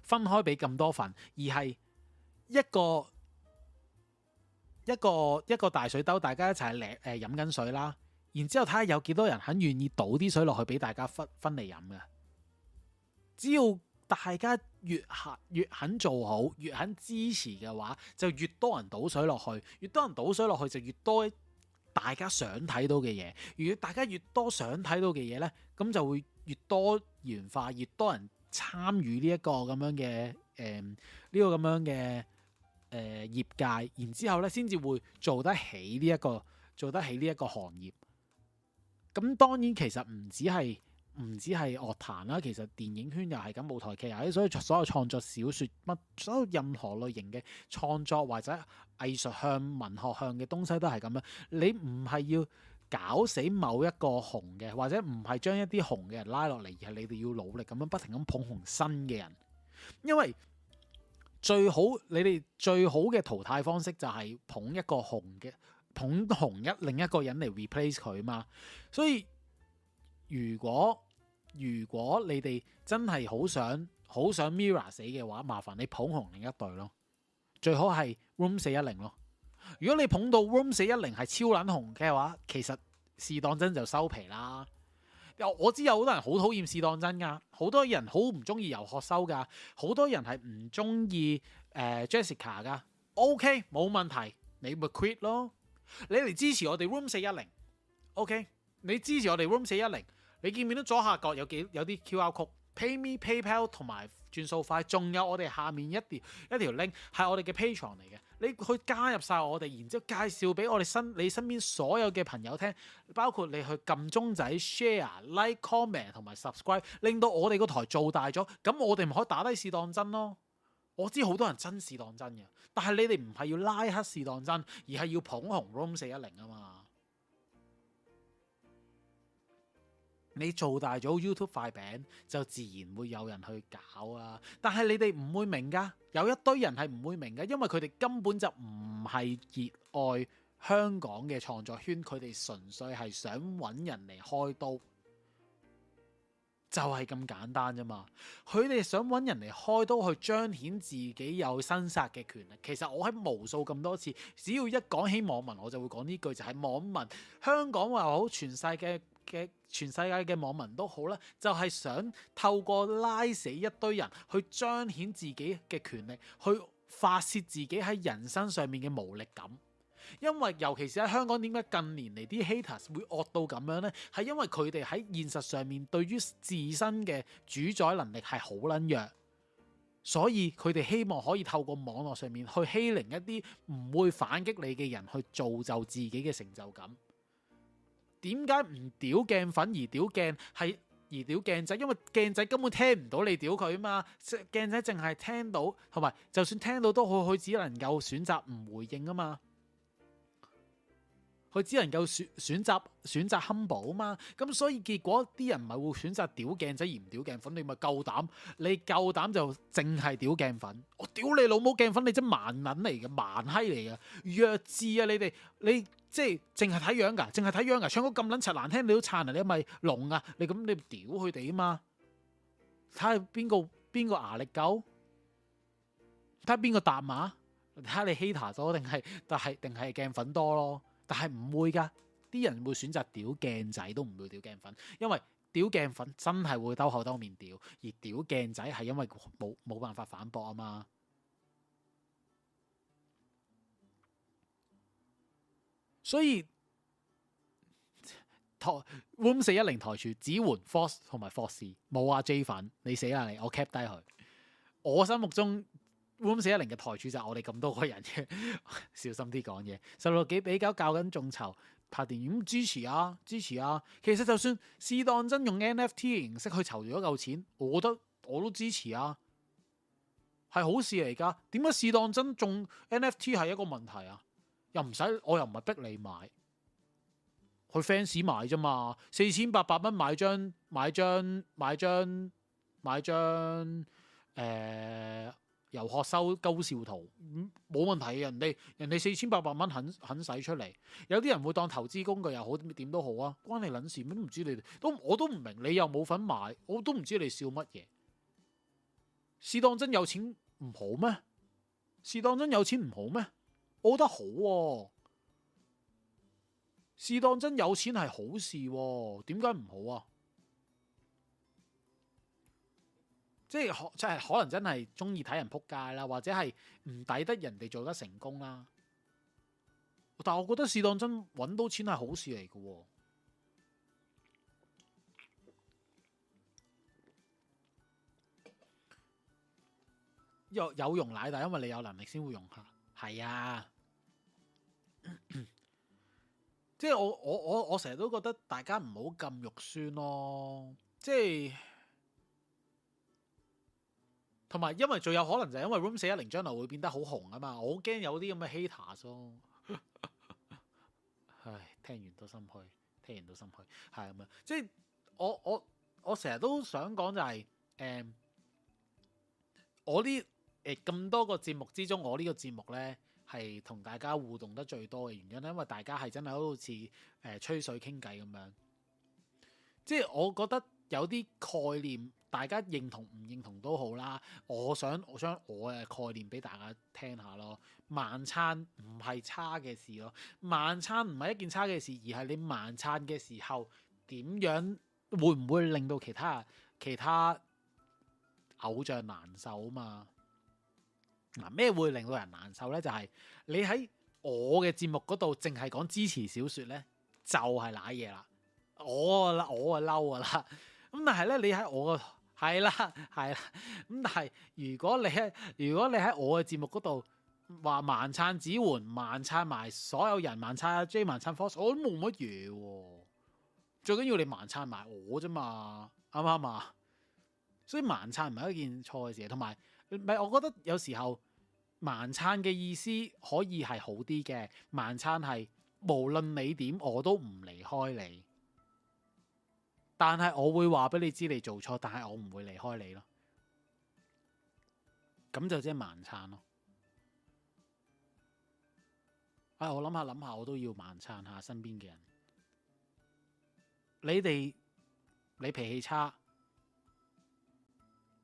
分開俾咁多份，而係一個一個一個大水兜，大家一齊嚟誒飲緊水啦。然之後睇下有幾多人肯願意倒啲水落去俾大家分分嚟飲嘅，只要大家越肯越肯做好，越肯支持嘅話，就越多人倒水落去，越多人倒水落去，就越多大家想睇到嘅嘢。如果大家越多想睇到嘅嘢呢，咁就會越多元化，越多人參與呢一個咁樣嘅誒呢個咁樣嘅誒、呃、業界。然之後呢，先至會做得起呢、這、一個做得起呢一個行業。咁當然其實唔止係唔止係樂壇啦，其實電影圈又係咁，舞台劇啊，所以所有創作小說乜，所有任何類型嘅創作或者藝術向、文學向嘅東西都係咁樣。你唔係要搞死某一個紅嘅，或者唔係將一啲紅嘅人拉落嚟，而係你哋要努力咁樣不停咁捧紅新嘅人。因為最好你哋最好嘅淘汰方式就係捧一個紅嘅。捧紅一另一個人嚟 replace 佢嘛，所以如果如果你哋真係好想好想 Mirror 死嘅話，麻煩你捧紅另一隊咯，最好係 Room 四一零咯。如果你捧到 Room 四一零係超撚紅嘅話，其實試當真就收皮啦。又我，我知有好多人好討厭試當真㗎，好多人好唔中意遊學修㗎，好多人係唔中意誒 Jessica 㗎。OK 冇問題，你會 quit 咯。你嚟支持我哋 Room 四一零，OK？你支持我哋 Room 四一零，你見唔見到左下角有幾有啲 QR code，Pay Me PayPal 同埋轉數快，仲有我哋下面一條一條 link 係我哋嘅 Patreon 嚟嘅，你去加入晒我哋，然之後介紹俾我哋身你身邊所有嘅朋友聽，包括你去撳鐘仔、share、like、comment 同埋 subscribe，令到我哋個台做大咗，咁我哋唔可以打低視當真咯。我知好多人真事當真嘅，但係你哋唔係要拉黑事當真，而係要捧紅 Room 四一零啊嘛！你做大咗 YouTube 塊餅，就自然會有人去搞啊。但係你哋唔會明噶，有一堆人係唔會明噶，因為佢哋根本就唔係熱愛香港嘅創作圈，佢哋純粹係想揾人嚟開刀。就係咁簡單啫嘛！佢哋想揾人嚟開刀去彰顯自己有生殺嘅權力。其實我喺無數咁多次，只要一講起網民，我就會講呢句，就係網民，香港話好，全世界嘅全世界嘅網民都好啦，就係想透過拉死一堆人去彰顯自己嘅權力，去發泄自己喺人身上面嘅無力感。因為尤其是喺香港，點解近年嚟啲 haters 會惡到咁樣呢？係因為佢哋喺現實上面對於自身嘅主宰能力係好撚弱，所以佢哋希望可以透過網絡上面去欺凌一啲唔會反擊你嘅人，去造就自己嘅成就感。點解唔屌鏡粉而屌鏡係而屌鏡仔？因為鏡仔根本聽唔到你屌佢啊嘛，鏡仔淨係聽到同埋就算聽到都好，佢只能夠選擇唔回應啊嘛。佢只能夠選選擇選擇 humble 啊嘛，咁所以結果啲人唔係會選擇屌鏡仔而唔屌鏡粉，你咪夠膽，你夠膽就淨係屌鏡粉，我、哦、屌你老母鏡粉，你真盲撚嚟嘅，盲閪嚟嘅，弱智啊你哋，你，你，你即係淨係睇樣㗎，淨係睇樣㗎，唱歌咁撚柒難聽你都撐你是是啊，你咪聾啊，你咁你屌佢哋啊嘛，睇下邊個邊個牙力夠，睇下邊個搭馬，睇下你 hit 咗定係，但係定係鏡粉多咯。但係唔會噶，啲人會選擇屌鏡仔都唔會屌鏡粉，因為屌鏡粉真係會兜口兜面屌，而屌鏡仔係因為冇冇辦法反駁啊嘛。所以，台 room 四一零台柱只換 force 同埋 force，冇阿 J 粉，你死啦你！我 keep 低佢，我心目中。Room 四一零嘅台柱就係我哋咁多個人嘅 小心啲講嘢。十六幾比較教緊眾籌拍電影，支持啊支持啊。其實就算是當真用 NFT 形式去籌集咗嚿錢，我覺得我都支持啊，係好事嚟噶。點解是當真中 NFT 係一個問題啊？又唔使我又唔係逼你買，去 fans 買啫嘛。四千八百蚊買張買張買張買張誒。遊學收鳩笑圖，冇問題啊！人哋人哋四千八百蚊肯肯使出嚟，有啲人會當投資工具又好，點都好啊！關你撚事咩？都唔知你都我都唔明，你又冇份買，我都唔知你笑乜嘢。是當真有錢唔好咩？是當真有錢唔好咩？我覺得好喎，啊。是當真有錢係好事喎，啊？點解唔好啊？即係可能真係中意睇人撲街啦，或者係唔抵得人哋做得成功啦。但我覺得是當真揾到錢係好事嚟嘅喎。 有有用奶，但因為你有能力先會用下。係啊， 即係我我我我成日都覺得大家唔好咁肉酸咯，即係。同埋，因為最有可能就係因為 Room 四一零將來會變得好紅啊嘛，我好驚有啲咁嘅 hater 咯、哦。唉，聽完都心虛，聽完都心虛，係咁樣。即係我我我成日都想講就係、是，誒、欸，我呢誒咁多個節目之中，我呢個節目呢係同大家互動得最多嘅原因呢，因為大家係真係好似吹水傾偈咁樣。即係我覺得有啲概念。大家認同唔認同都好啦，我想我想我嘅概念俾大家聽下咯。晚餐唔係差嘅事咯，晚餐唔係一件差嘅事，而係你晚餐嘅時候點樣會唔會令到其他其他偶像難受啊嘛？嗱，咩會令到人難受咧？就係、是、你喺我嘅節目嗰度淨係講支持小説咧，就係瀨嘢啦，我啦我啊嬲啊啦。咁 但係咧，你喺我嘅係啦，係啦。咁但係如果你喺如果你喺我嘅節目嗰度話盲撐指環，盲撐埋所有人盲撐，阿 J、盲撐 Force 我都冇乜嘢。最緊要你盲撐埋我啫嘛，啱唔啱啊？所以盲撐唔係一件錯嘅事，同埋唔係。我覺得有時候盲撐嘅意思可以係好啲嘅，盲撐係無論你點，我都唔離開你。但係我會話俾你知你做錯，但係我唔會離開你咯。咁就即係盲撐咯。哎，我諗下諗下，我都要盲撐下身邊嘅人。你哋，你脾氣差，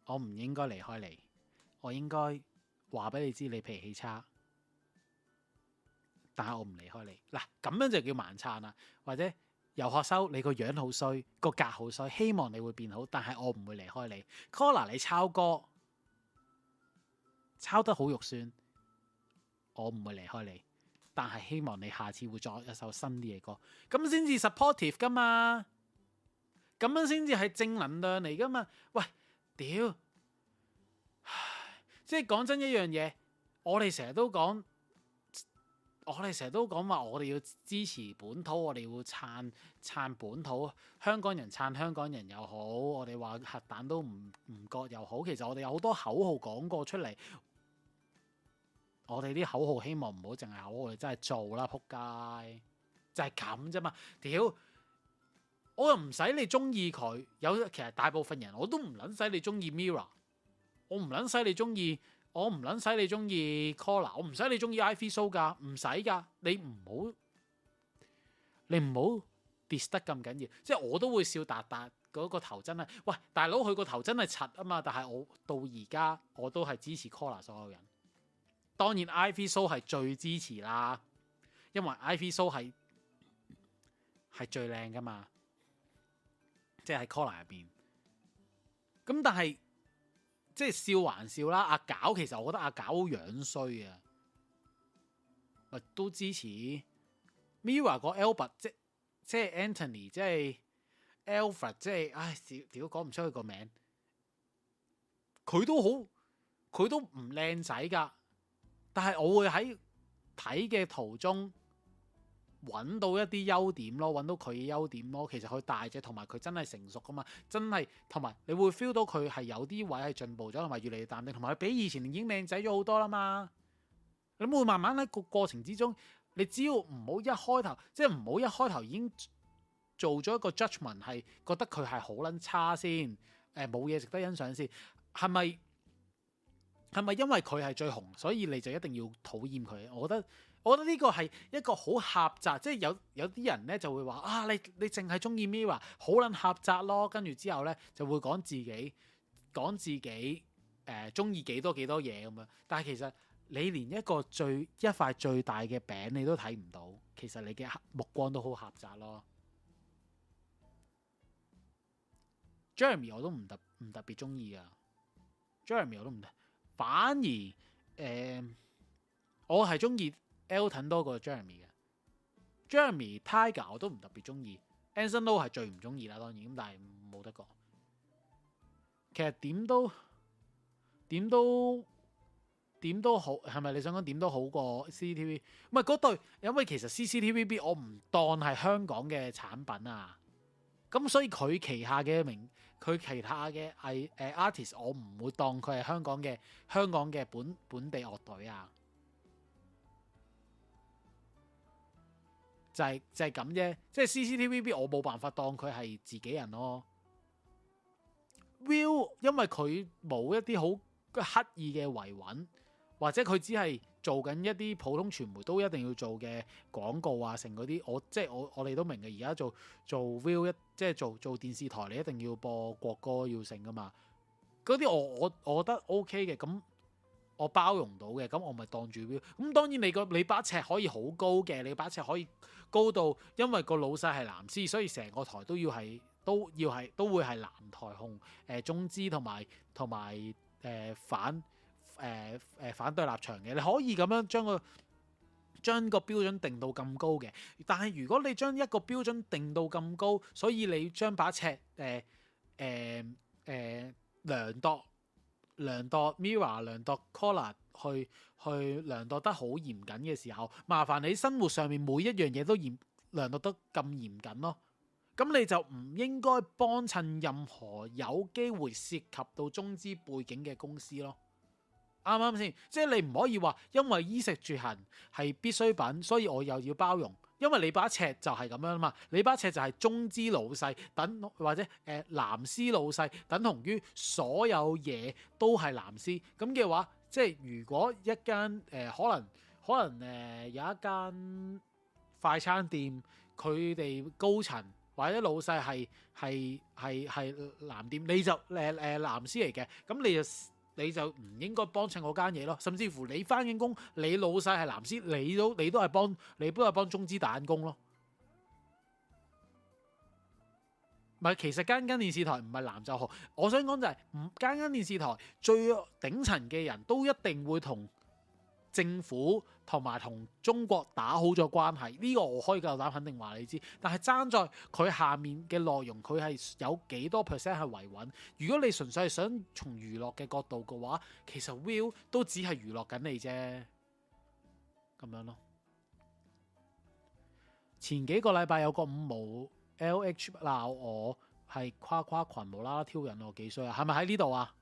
我唔應該離開你。我應該話俾你知你脾氣差，但係我唔離開你。嗱，咁樣就叫盲撐啦，或者。遊學修，你個樣好衰，個格好衰，希望你會變好，但係我唔會離開你。Collar，你抄歌抄得好肉酸，我唔會離開你，但係希望你下次會作一首新啲嘅歌，咁先至 supportive 噶嘛。咁樣先至係正能量嚟噶嘛。喂，屌，唉，即係講真一樣嘢，我哋成日都講。我哋成日都講話，我哋要支持本土，我哋要撐撐本土，香港人撐香港人又好，我哋話核彈都唔唔割又好。其實我哋有好多口號講過出嚟，我哋啲口號希望唔好淨係口號，你真係做啦，仆街就係咁啫嘛。屌，我又唔使你中意佢，有其實大部分人我都唔撚使你中意 Mirror，我唔撚使你中意。我唔捻使你中意 Collar，我唔使你中意 Ivy So 噶，唔使噶，你唔好，你唔好跌得咁緊要。即係我都會笑達達嗰個頭真係，喂大佬佢個頭真係柒啊嘛。但係我到而家我都係支持 Collar 所有人，當然 Ivy So 係最支持啦，因為 Ivy So 係係最靚噶嘛，即係喺 Collar 入邊。咁但係。即係笑還笑啦，阿搞其實我覺得阿搞好樣衰啊，都支持。Mira 個 Albert 即即係 Anthony 即係 Alfred 即係唉，屌屌講唔出佢個名，佢都好佢都唔靚仔噶，但係我會喺睇嘅途中。揾到一啲優點咯，揾到佢嘅優點咯。其實佢大隻，同埋佢真係成熟噶嘛，真係，同埋你會 feel 到佢係有啲位係進步咗，同埋越嚟越淡定，同埋佢比以前已經靚仔咗好多啦嘛。你會慢慢喺個過程之中，你只要唔好一開頭，即係唔好一開頭已經做咗一個 judgement 係覺得佢係好撚差先，誒冇嘢值得欣賞先，係咪係咪因為佢係最紅，所以你就一定要討厭佢？我覺得。我覺得呢個係一個好狹窄，即係有有啲人咧就會話啊，你你淨係中意 Mirror，好撚狹窄咯。跟住之後咧就會講自己講自己誒中意幾多幾多嘢咁樣。但係其實你連一個最一塊最大嘅餅你都睇唔到，其實你嘅目光都好狹窄咯。Jeremy 我都唔特唔特別中意嘅，Jeremy 我都唔得。反而誒、呃、我係中意。Elton 多過 Jeremy 嘅，Jeremy Tiger 我都唔特別中意 Anson Lo 係最唔中意啦，當然咁但係冇得講。其實點都點都點都好，係咪你想講點都好過 CCTV？唔係嗰對，因為其實 CCTVB 我唔當係香港嘅產品啊，咁所以佢旗下嘅名，佢其他嘅藝誒 artist，我唔會當佢係香港嘅香港嘅本本地樂隊啊。就係就係咁啫，即係 CCTVB，我冇辦法當佢係自己人咯。Viu，因為佢冇一啲好刻意嘅維穩，或者佢只係做緊一啲普通傳媒都一定要做嘅廣告啊，成嗰啲我即係我我哋都明嘅。而家做做 Viu 一即係做做電視台，你一定要播國歌要成㗎嘛。嗰啲我我我覺得 OK 嘅，咁我包容到嘅，咁我咪當住 Viu。咁當然你個把尺可以好高嘅，你把尺可以。高到，因為個老細係藍絲，所以成個台都要係都要係都會係藍台控。誒、呃、中資同埋同埋誒反誒誒、呃、反對立場嘅，你可以咁樣將個將個標準定到咁高嘅，但係如果你將一個標準定到咁高，所以你將把尺誒誒誒量度量度 Mirror 量度 Collar 去去量度得好嚴謹嘅時候，麻煩你生活上面每一樣嘢都嚴量度得咁嚴謹咯。咁你就唔應該幫襯任何有機會涉及到中資背景嘅公司咯。啱啱先？即係你唔可以話，因為衣食住行係必需品，所以我又要包容。因為你把尺就係咁樣啦嘛，你把尺就係中資老細等或者誒、呃、藍絲老細等同於所有嘢都係藍絲咁嘅話。即係如果一間誒、呃、可能可能誒、呃、有一間快餐店，佢哋高層或者老細係係係係藍店，你就誒誒、呃呃、藍絲嚟嘅，咁你就你就唔應該幫襯嗰間嘢咯，甚至乎你返緊工，你老細係藍絲，你都你都係幫你都係幫中資打緊工咯。唔係，其實間間電視台唔係藍就紅。我想講就係，唔間間電視台最頂層嘅人都一定會同政府同埋同中國打好咗關係。呢個我可以夠膽肯定話你知。但係爭在佢下面嘅內容，佢係有幾多 percent 係維穩？如果你純粹係想從娛樂嘅角度嘅話，其實 Viu 都只係娛樂緊你啫，咁樣咯。前幾個禮拜有個五毛。LH 鬧我係夸夸群，無啦啦挑人我幾衰啊？係咪喺呢度啊？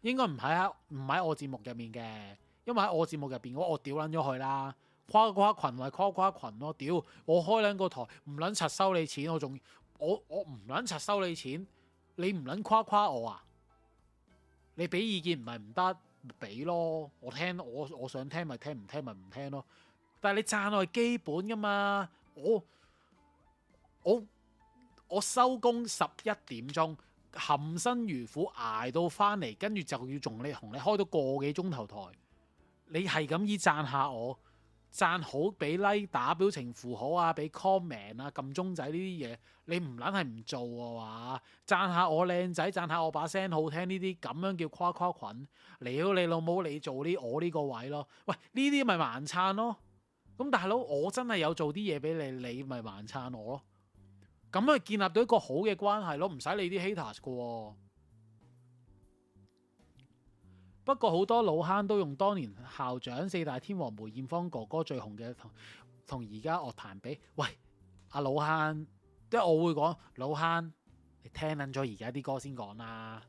應該唔係啊，唔喺我節目入面嘅。因為喺我節目入邊我屌撚咗佢啦！夸夸群咪夸夸群咯，啊，屌！我開兩個台唔撚柒收你錢，我仲我我唔撚柒收你錢，你唔撚誇誇我啊？你俾意見唔係唔得，俾咯，我聽我我想聽咪聽，唔聽咪唔聽咯。但係你讚我係基本噶嘛，我我。我收工十一點鐘，含辛茹苦捱到翻嚟，跟住就要仲你同你開到個幾鐘頭台，你係咁依讚下我，讚好俾 like 打表情符號啊，俾 comment 啊，撳鐘仔呢啲嘢，你唔撚係唔做啊？話讚下我靚仔，讚下我把聲好聽呢啲，咁樣叫誇夸群，屌你老母，你做呢我呢個位咯？喂，呢啲咪盲撐咯？咁大佬，我真係有做啲嘢俾你，你咪盲撐我咯？咁去建立到一個好嘅關係咯，唔使理啲 haters 嘅。不過好多老坑都用當年校長四大天王梅艷芳哥哥最紅嘅同同而家樂壇比，喂阿、啊、老坑，即係我會講老坑，你聽撚咗而家啲歌先講啦。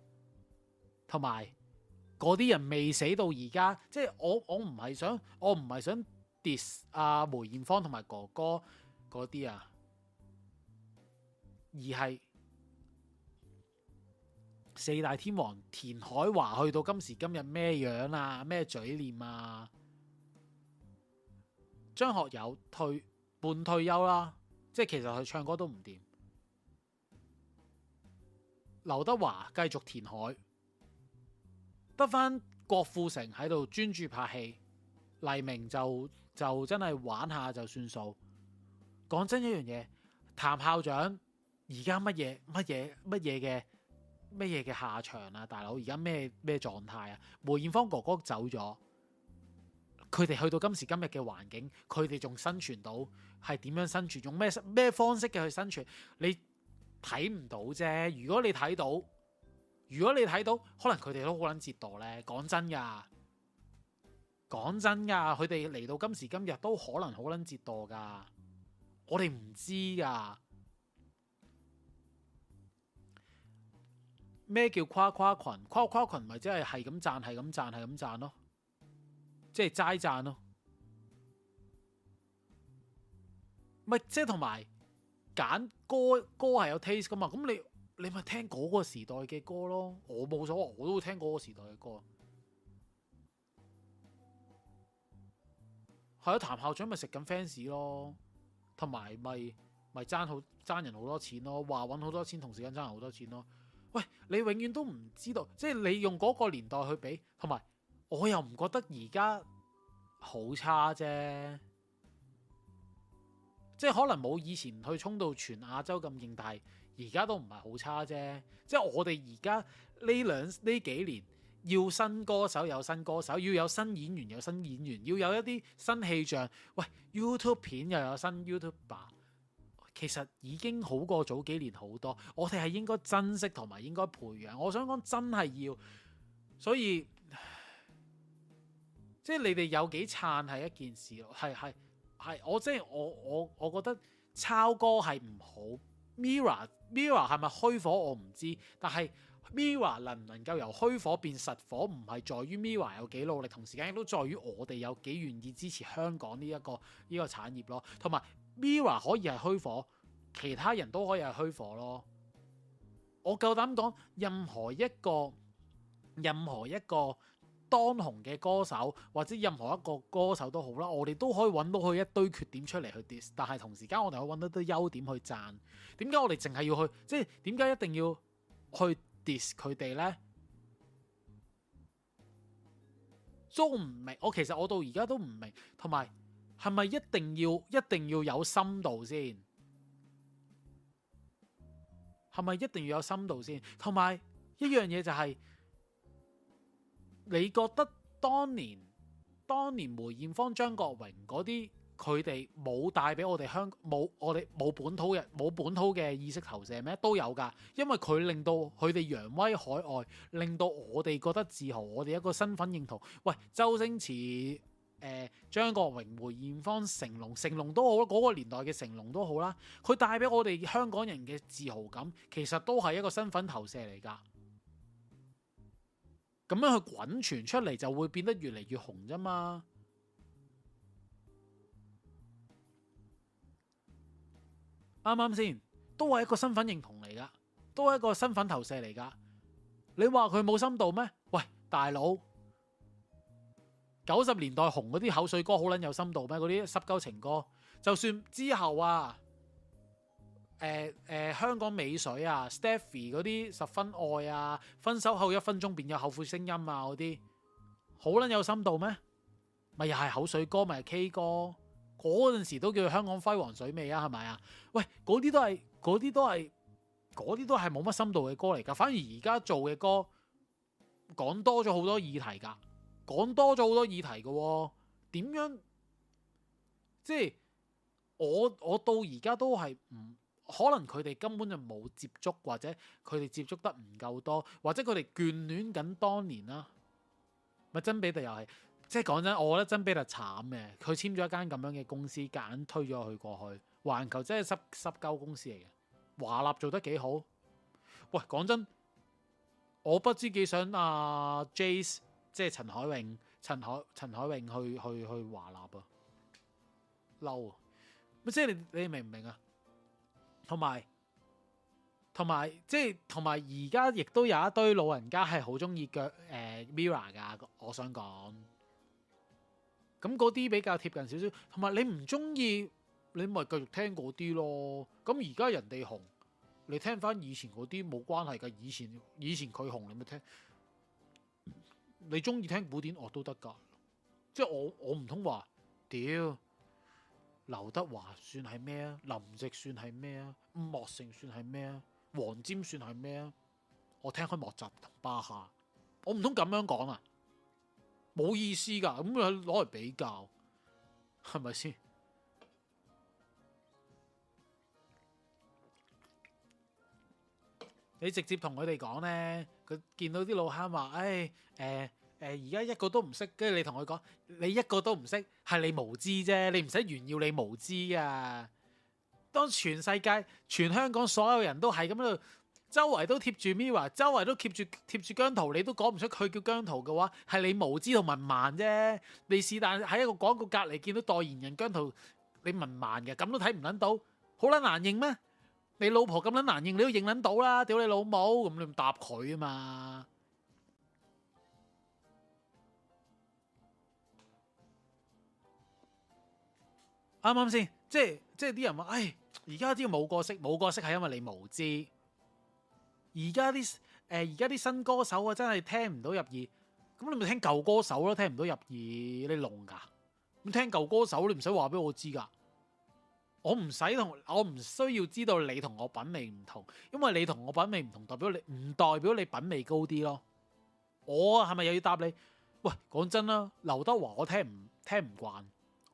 同埋嗰啲人未死到而家，即係我我唔係想我唔係想 dis 阿、啊、梅艷芳同埋哥哥嗰啲啊。而係四大天王填海華去到今時今日咩樣啊？咩嘴臉啊？張學友退半退休啦，即係其實佢唱歌都唔掂。劉德華繼續填海，得返郭富城喺度專注拍戲，黎明就就真係玩下就算數。講真一樣嘢，譚校長。而家乜嘢乜嘢乜嘢嘅乜嘢嘅下場啊，大佬！而家咩咩狀態啊？梅艷芳哥哥走咗，佢哋去到今時今日嘅環境，佢哋仲生存到係點樣生存？用咩咩方式嘅去生存？你睇唔到啫。如果你睇到，如果你睇到，可能佢哋都好捻折墮呢。講真噶，講真噶，佢哋嚟到今時今日都可能好捻折墮噶。我哋唔知噶。咩叫誇誇群？誇誇群咪即係係咁讚，係咁讚，係咁讚咯，即係齋讚咯。咪即係同埋揀歌歌係有 taste 噶嘛？咁你你咪聽嗰個時代嘅歌咯。我冇所謂，我都會聽嗰個時代嘅歌。係啊，譚校長咪食緊 fans 咯，同埋咪咪賺好賺人好多錢咯，話搵好多錢，同時間賺人好多錢咯。喂，你永遠都唔知道，即係你用嗰個年代去比，同埋我又唔覺得而家好差啫。即係可能冇以前去衝到全亞洲咁勁，但係，而家都唔係好差啫。即係我哋而家呢兩呢幾年要新歌手有新歌手，要有新演員有新演員，要有一啲新氣象。喂，YouTube 片又有新 YouTube 霸。其實已經好過早幾年好多，我哋係應該珍惜同埋應該培養。我想講真係要，所以即係你哋有幾撐係一件事咯。係係係，我即係我我我覺得抄歌係唔好。Mirror Mirror 係咪虛火我唔知，但係 Mirror 能唔能夠由虛火變實火，唔係在於 Mirror 有幾努力，同時間亦都在於我哋有幾願意支持香港呢一個呢個產業咯，同埋。Mirror 可以係虛火，其他人都可以係虛火咯。我夠膽講，任何一個任何一個當紅嘅歌手或者任何一個歌手都好啦，我哋都可以揾到佢一堆缺點出嚟去 dis，但係同時間我哋可以揾到啲優點去讚。點解我哋淨係要去？即係點解一定要去 dis 佢哋呢？都唔明。我其實我到而家都唔明，同埋。係咪一定要一定要有深度先？係咪一定要有深度先？同埋一樣嘢就係、是，你覺得當年當年梅艷芳、張國榮嗰啲，佢哋冇帶俾我哋香港冇我哋冇本土嘅冇本土嘅意識投射咩？都有㗎，因為佢令到佢哋揚威海外，令到我哋覺得自豪，我哋一個身份認同。喂，周星馳。誒，張國榮、梅艷芳、成龍，成龍都好，嗰個年代嘅成龍都好啦。佢帶俾我哋香港人嘅自豪感，其實都係一個身份投射嚟噶。咁樣去滾傳出嚟，就會變得越嚟越紅啫嘛。啱啱先，都係一個身份認同嚟噶，都係一個身份投射嚟噶。你話佢冇深度咩？喂，大佬！九十年代紅嗰啲口水歌好撚有深度咩？嗰啲濕鳩情歌，就算之後啊，誒、呃、誒、呃、香港美水啊，Stephy 嗰啲十分愛啊，分手後一分鐘便有後悔聲音啊，嗰啲好撚有深度咩？咪又係口水歌，咪 K 歌，嗰陣時都叫香港輝煌水尾啊，係咪啊？喂，嗰啲都係，嗰啲都係，嗰啲都係冇乜深度嘅歌嚟㗎，反而而家做嘅歌講多咗好多議題㗎。講多咗好多議題嘅、哦，點樣？即係我我到而家都係唔可能，佢哋根本就冇接觸，或者佢哋接觸得唔夠多，或者佢哋眷戀緊當年啦、啊。咪曾比特又係，即係講真，我覺得曾比特慘嘅，佢簽咗一間咁樣嘅公司，夾硬推咗佢過去。環球真係濕濕鳩公司嚟嘅，華納做得幾好。喂，講真，我不知幾想阿、啊、Jace 即係陳海穎、陳海、陳海穎去去去華納啊，嬲啊！即係你你明唔明啊？同埋同埋即係同埋而家亦都有一堆老人家係好中意腳誒 Mirror 噶我想講咁嗰啲比較貼近少少。同埋你唔中意，你咪繼續聽嗰啲咯。咁而家人哋紅，你聽翻以前嗰啲冇關係嘅。以前以前佢紅，你咪聽。你中意聽古典樂都得噶，即係我我唔通話屌劉德華算係咩啊？林夕算係咩啊？伍莫成算係咩啊？黃霑算係咩啊？我聽開莫扎特、巴哈。我唔通咁樣講啊？冇意思噶，咁樣攞嚟比較係咪先？你直接同佢哋講呢。佢見到啲老坑話：唉、哎，誒、呃、誒，呃，而家一個都唔識，跟住你同佢講，你一個都唔識，係你無知啫，你唔使炫耀你無知啊！當全世界、全香港所有人都係咁喺度，周圍都貼住 MIRROR 啊，周圍都貼住貼住姜濤，你都講唔出佢叫姜濤嘅話，係你無知同文盲啫。你是但喺一個廣告隔離見到代言人姜濤，你文盲嘅，咁都睇唔撚到，好撚難認咩？你老婆咁捻難認，你都認捻到啦！屌你老母，咁你唔答佢啊嘛？啱啱先？即係即係啲人話，唉， 而家啲冇歌識，冇歌識係因為你無知。而家啲誒，而家啲新歌手啊，真係聽唔到入耳。咁你咪聽舊歌手咯、啊，聽唔到入耳你聾噶？咁聽舊歌手，你唔使話俾我知噶。我唔使同，我唔需要知道你同我品味唔同，因為你同我品味唔同，代表你唔代表你品味高啲咯。我啊，係咪又要答你？喂，講真啦，劉德華我聽唔聽唔慣，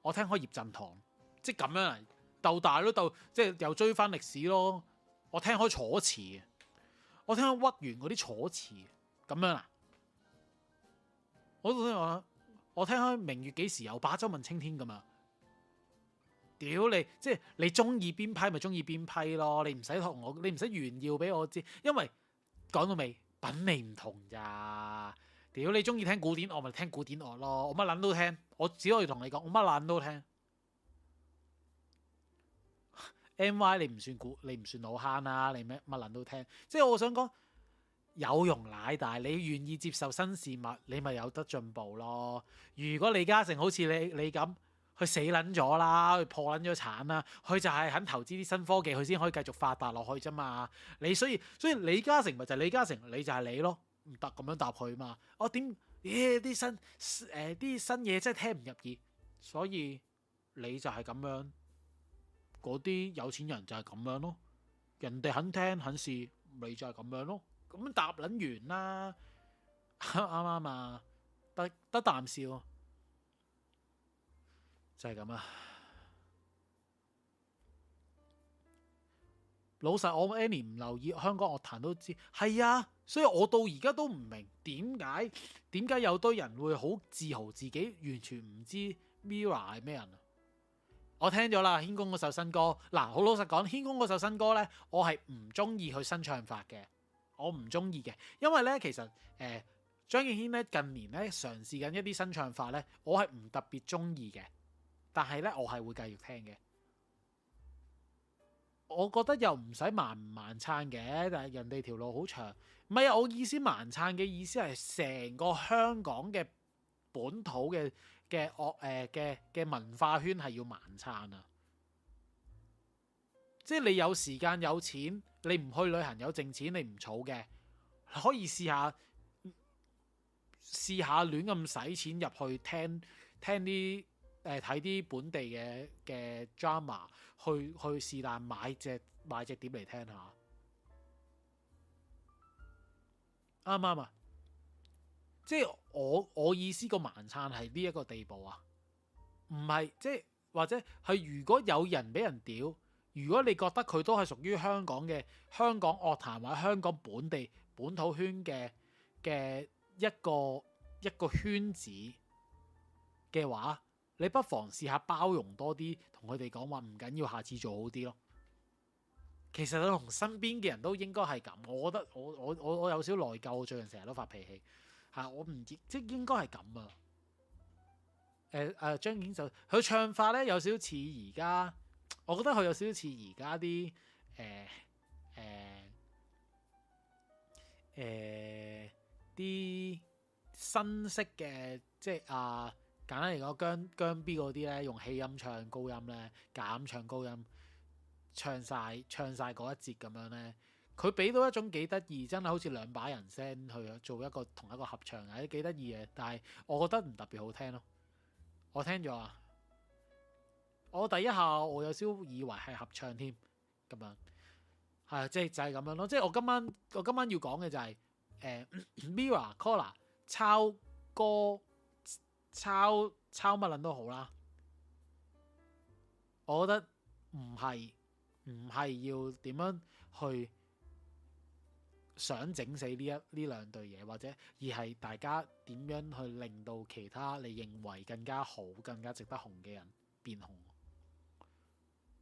我聽開葉振棠，即係咁樣啊，鬥大咯鬥，即係又追翻歷史咯。我聽開楚辭，我聽開屈原嗰啲楚辭，咁樣啊。我我我我，我聽開明月幾時有，把酒問青天咁啊。屌你，即係你中意邊批咪中意邊批咯，你唔使同我，你唔使炫耀俾我知，因為講到尾品味唔同咋。屌你中意聽古典，我咪聽古典樂咯，我乜捻都聽，我只可以同你講，我乜捻都聽。M Y 你唔算古，你唔算老坑啦、啊，你咩乜捻都聽，即係我想講有容乃大，你願意接受新事物，你咪有得進步咯。如果李嘉誠好似你你咁。佢 死撚咗啦，佢破撚咗產啦，佢就係肯投資啲新科技，佢先可以繼續發達落去啫嘛。你，所以所以李嘉誠咪就係李嘉誠，你就係你咯，唔得咁樣答佢嘛。我、 哦、點耶啲、哎、新誒啲、呃、新嘢真係聽唔入耳，所以你就係咁樣。嗰啲有錢人就係咁樣咯，人哋肯聽肯試，你就係咁樣咯。咁答撚完啦，啱 啱啊？得得啖笑。嗯嗯嗯嗯嗯嗯嗯。就係咁啊！老實我 any 唔留意香港樂壇都知係啊，所以我到而家都唔明點解點解有堆人會好自豪自己完全唔知 Mirror 係咩人。啊、我聽咗啦，軒公嗰首新歌嗱，好老實講，軒公嗰首新歌呢，我係唔中意佢新唱法嘅，我唔中意嘅，因為呢，其實誒張敬軒呢，近年呢，嘗試緊一啲新唱法呢，我係唔特別中意嘅。但係呢，我係會繼續聽嘅。我覺得又唔使盲唔盲撐嘅，但係人哋條路好長。唔係，我意思盲撐嘅意思係成個香港嘅本土嘅嘅惡誒嘅嘅文化圈係要盲撐啊！即係你有時間有錢，你唔去旅行，有剩錢你唔儲嘅，可以試下試下亂咁使錢入去聽聽啲。誒睇啲本地嘅嘅 drama，去去是但買隻買隻碟嚟聽下，啱唔啱啊？即係我我意思個盲撐係呢一個地步啊？唔係即係或者係如果有人俾人屌，如果你覺得佢都係屬於香港嘅香港樂壇或者香港本地本土圈嘅嘅一個一個圈子嘅話。你不妨試下包容多啲，同佢哋講話唔緊要，下次做好啲咯。其實我同身邊嘅人都應該係咁。我覺得我我我我有少少內疚，我最近成日都發脾氣嚇、啊，我唔知，即應該係咁啊。誒、呃、誒、呃，張敬軒佢唱法咧有少少似而家，我覺得佢有少少似而家啲誒誒誒啲新式嘅，即係啊。呃簡單嚟講，姜姜 B 嗰啲咧用氣音唱高音咧，假音唱高音，唱晒唱曬嗰一節咁樣咧，佢俾到一種幾得意，真係好似兩把人聲去做一個同一個合唱，係幾得意嘅。但係我覺得唔特別好聽咯。我聽咗啊，我第一下我有少少以為係合唱添，咁樣係啊即係就係咁樣咯。即係我今晚我今晚要講嘅就係誒 Mirror Collar 抄歌。抄抄乜撚都好啦，我覺得唔係唔係要點樣去想整死呢一呢兩對嘢，或者而係大家點樣去令到其他你認為更加好、更加值得紅嘅人變紅，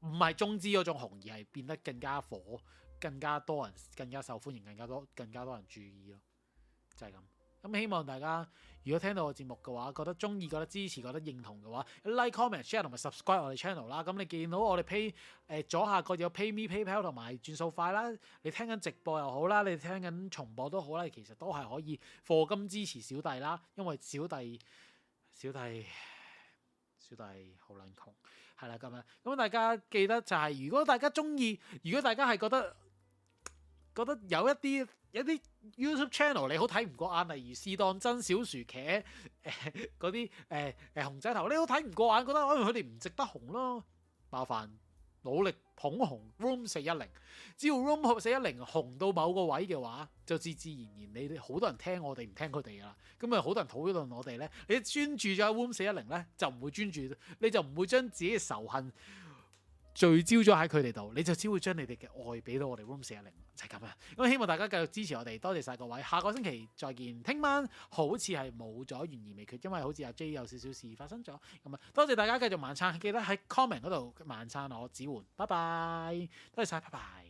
唔係中資嗰種紅，而係變得更加火、更加多人、更加受歡迎、更加多、更加多人注意咯，就係咁。咁希望大家如果聽到我節目嘅話，覺得中意、覺得支持、覺得認同嘅話，like、comment、share 同埋 subscribe 我哋 channel 啦。咁你見到我哋 pay、呃、左下角有 pay me PayPal 同埋轉數快啦。你聽緊直播又好啦，你聽緊重播都好啦，其實都係可以課金支持小弟啦。因為小弟小弟小弟好撚窮，係啦咁樣。咁大家記得就係如果大家中意，如果大家係覺得覺得有一啲。有啲 YouTube channel 你好睇唔過眼，例如是當真小薯茄，誒嗰啲誒誒熊仔頭，你好睇唔過眼，覺得可能佢哋唔值得紅咯。麻煩努力捧紅 Room 四一零，只要 Room 四一零紅到某個位嘅話，就自自然然你哋好多人聽我哋，唔聽佢哋噶啦。咁啊，好多人討論我哋咧，你專注咗喺 Room 四一零咧，就唔會專注，你就唔會將自己嘅仇恨。嗯聚焦咗喺佢哋度，你就只會將你哋嘅愛俾到我哋 Room 四一零，就係咁啊！咁希望大家繼續支持我哋，多謝晒各位，下個星期再見。聽晚好似係冇咗懸而未決，因為好似阿 J 有少少事發生咗。咁啊，多謝大家繼續晚餐，記得喺 comment 嗰度晚餐我支援，拜拜，多謝晒，拜拜。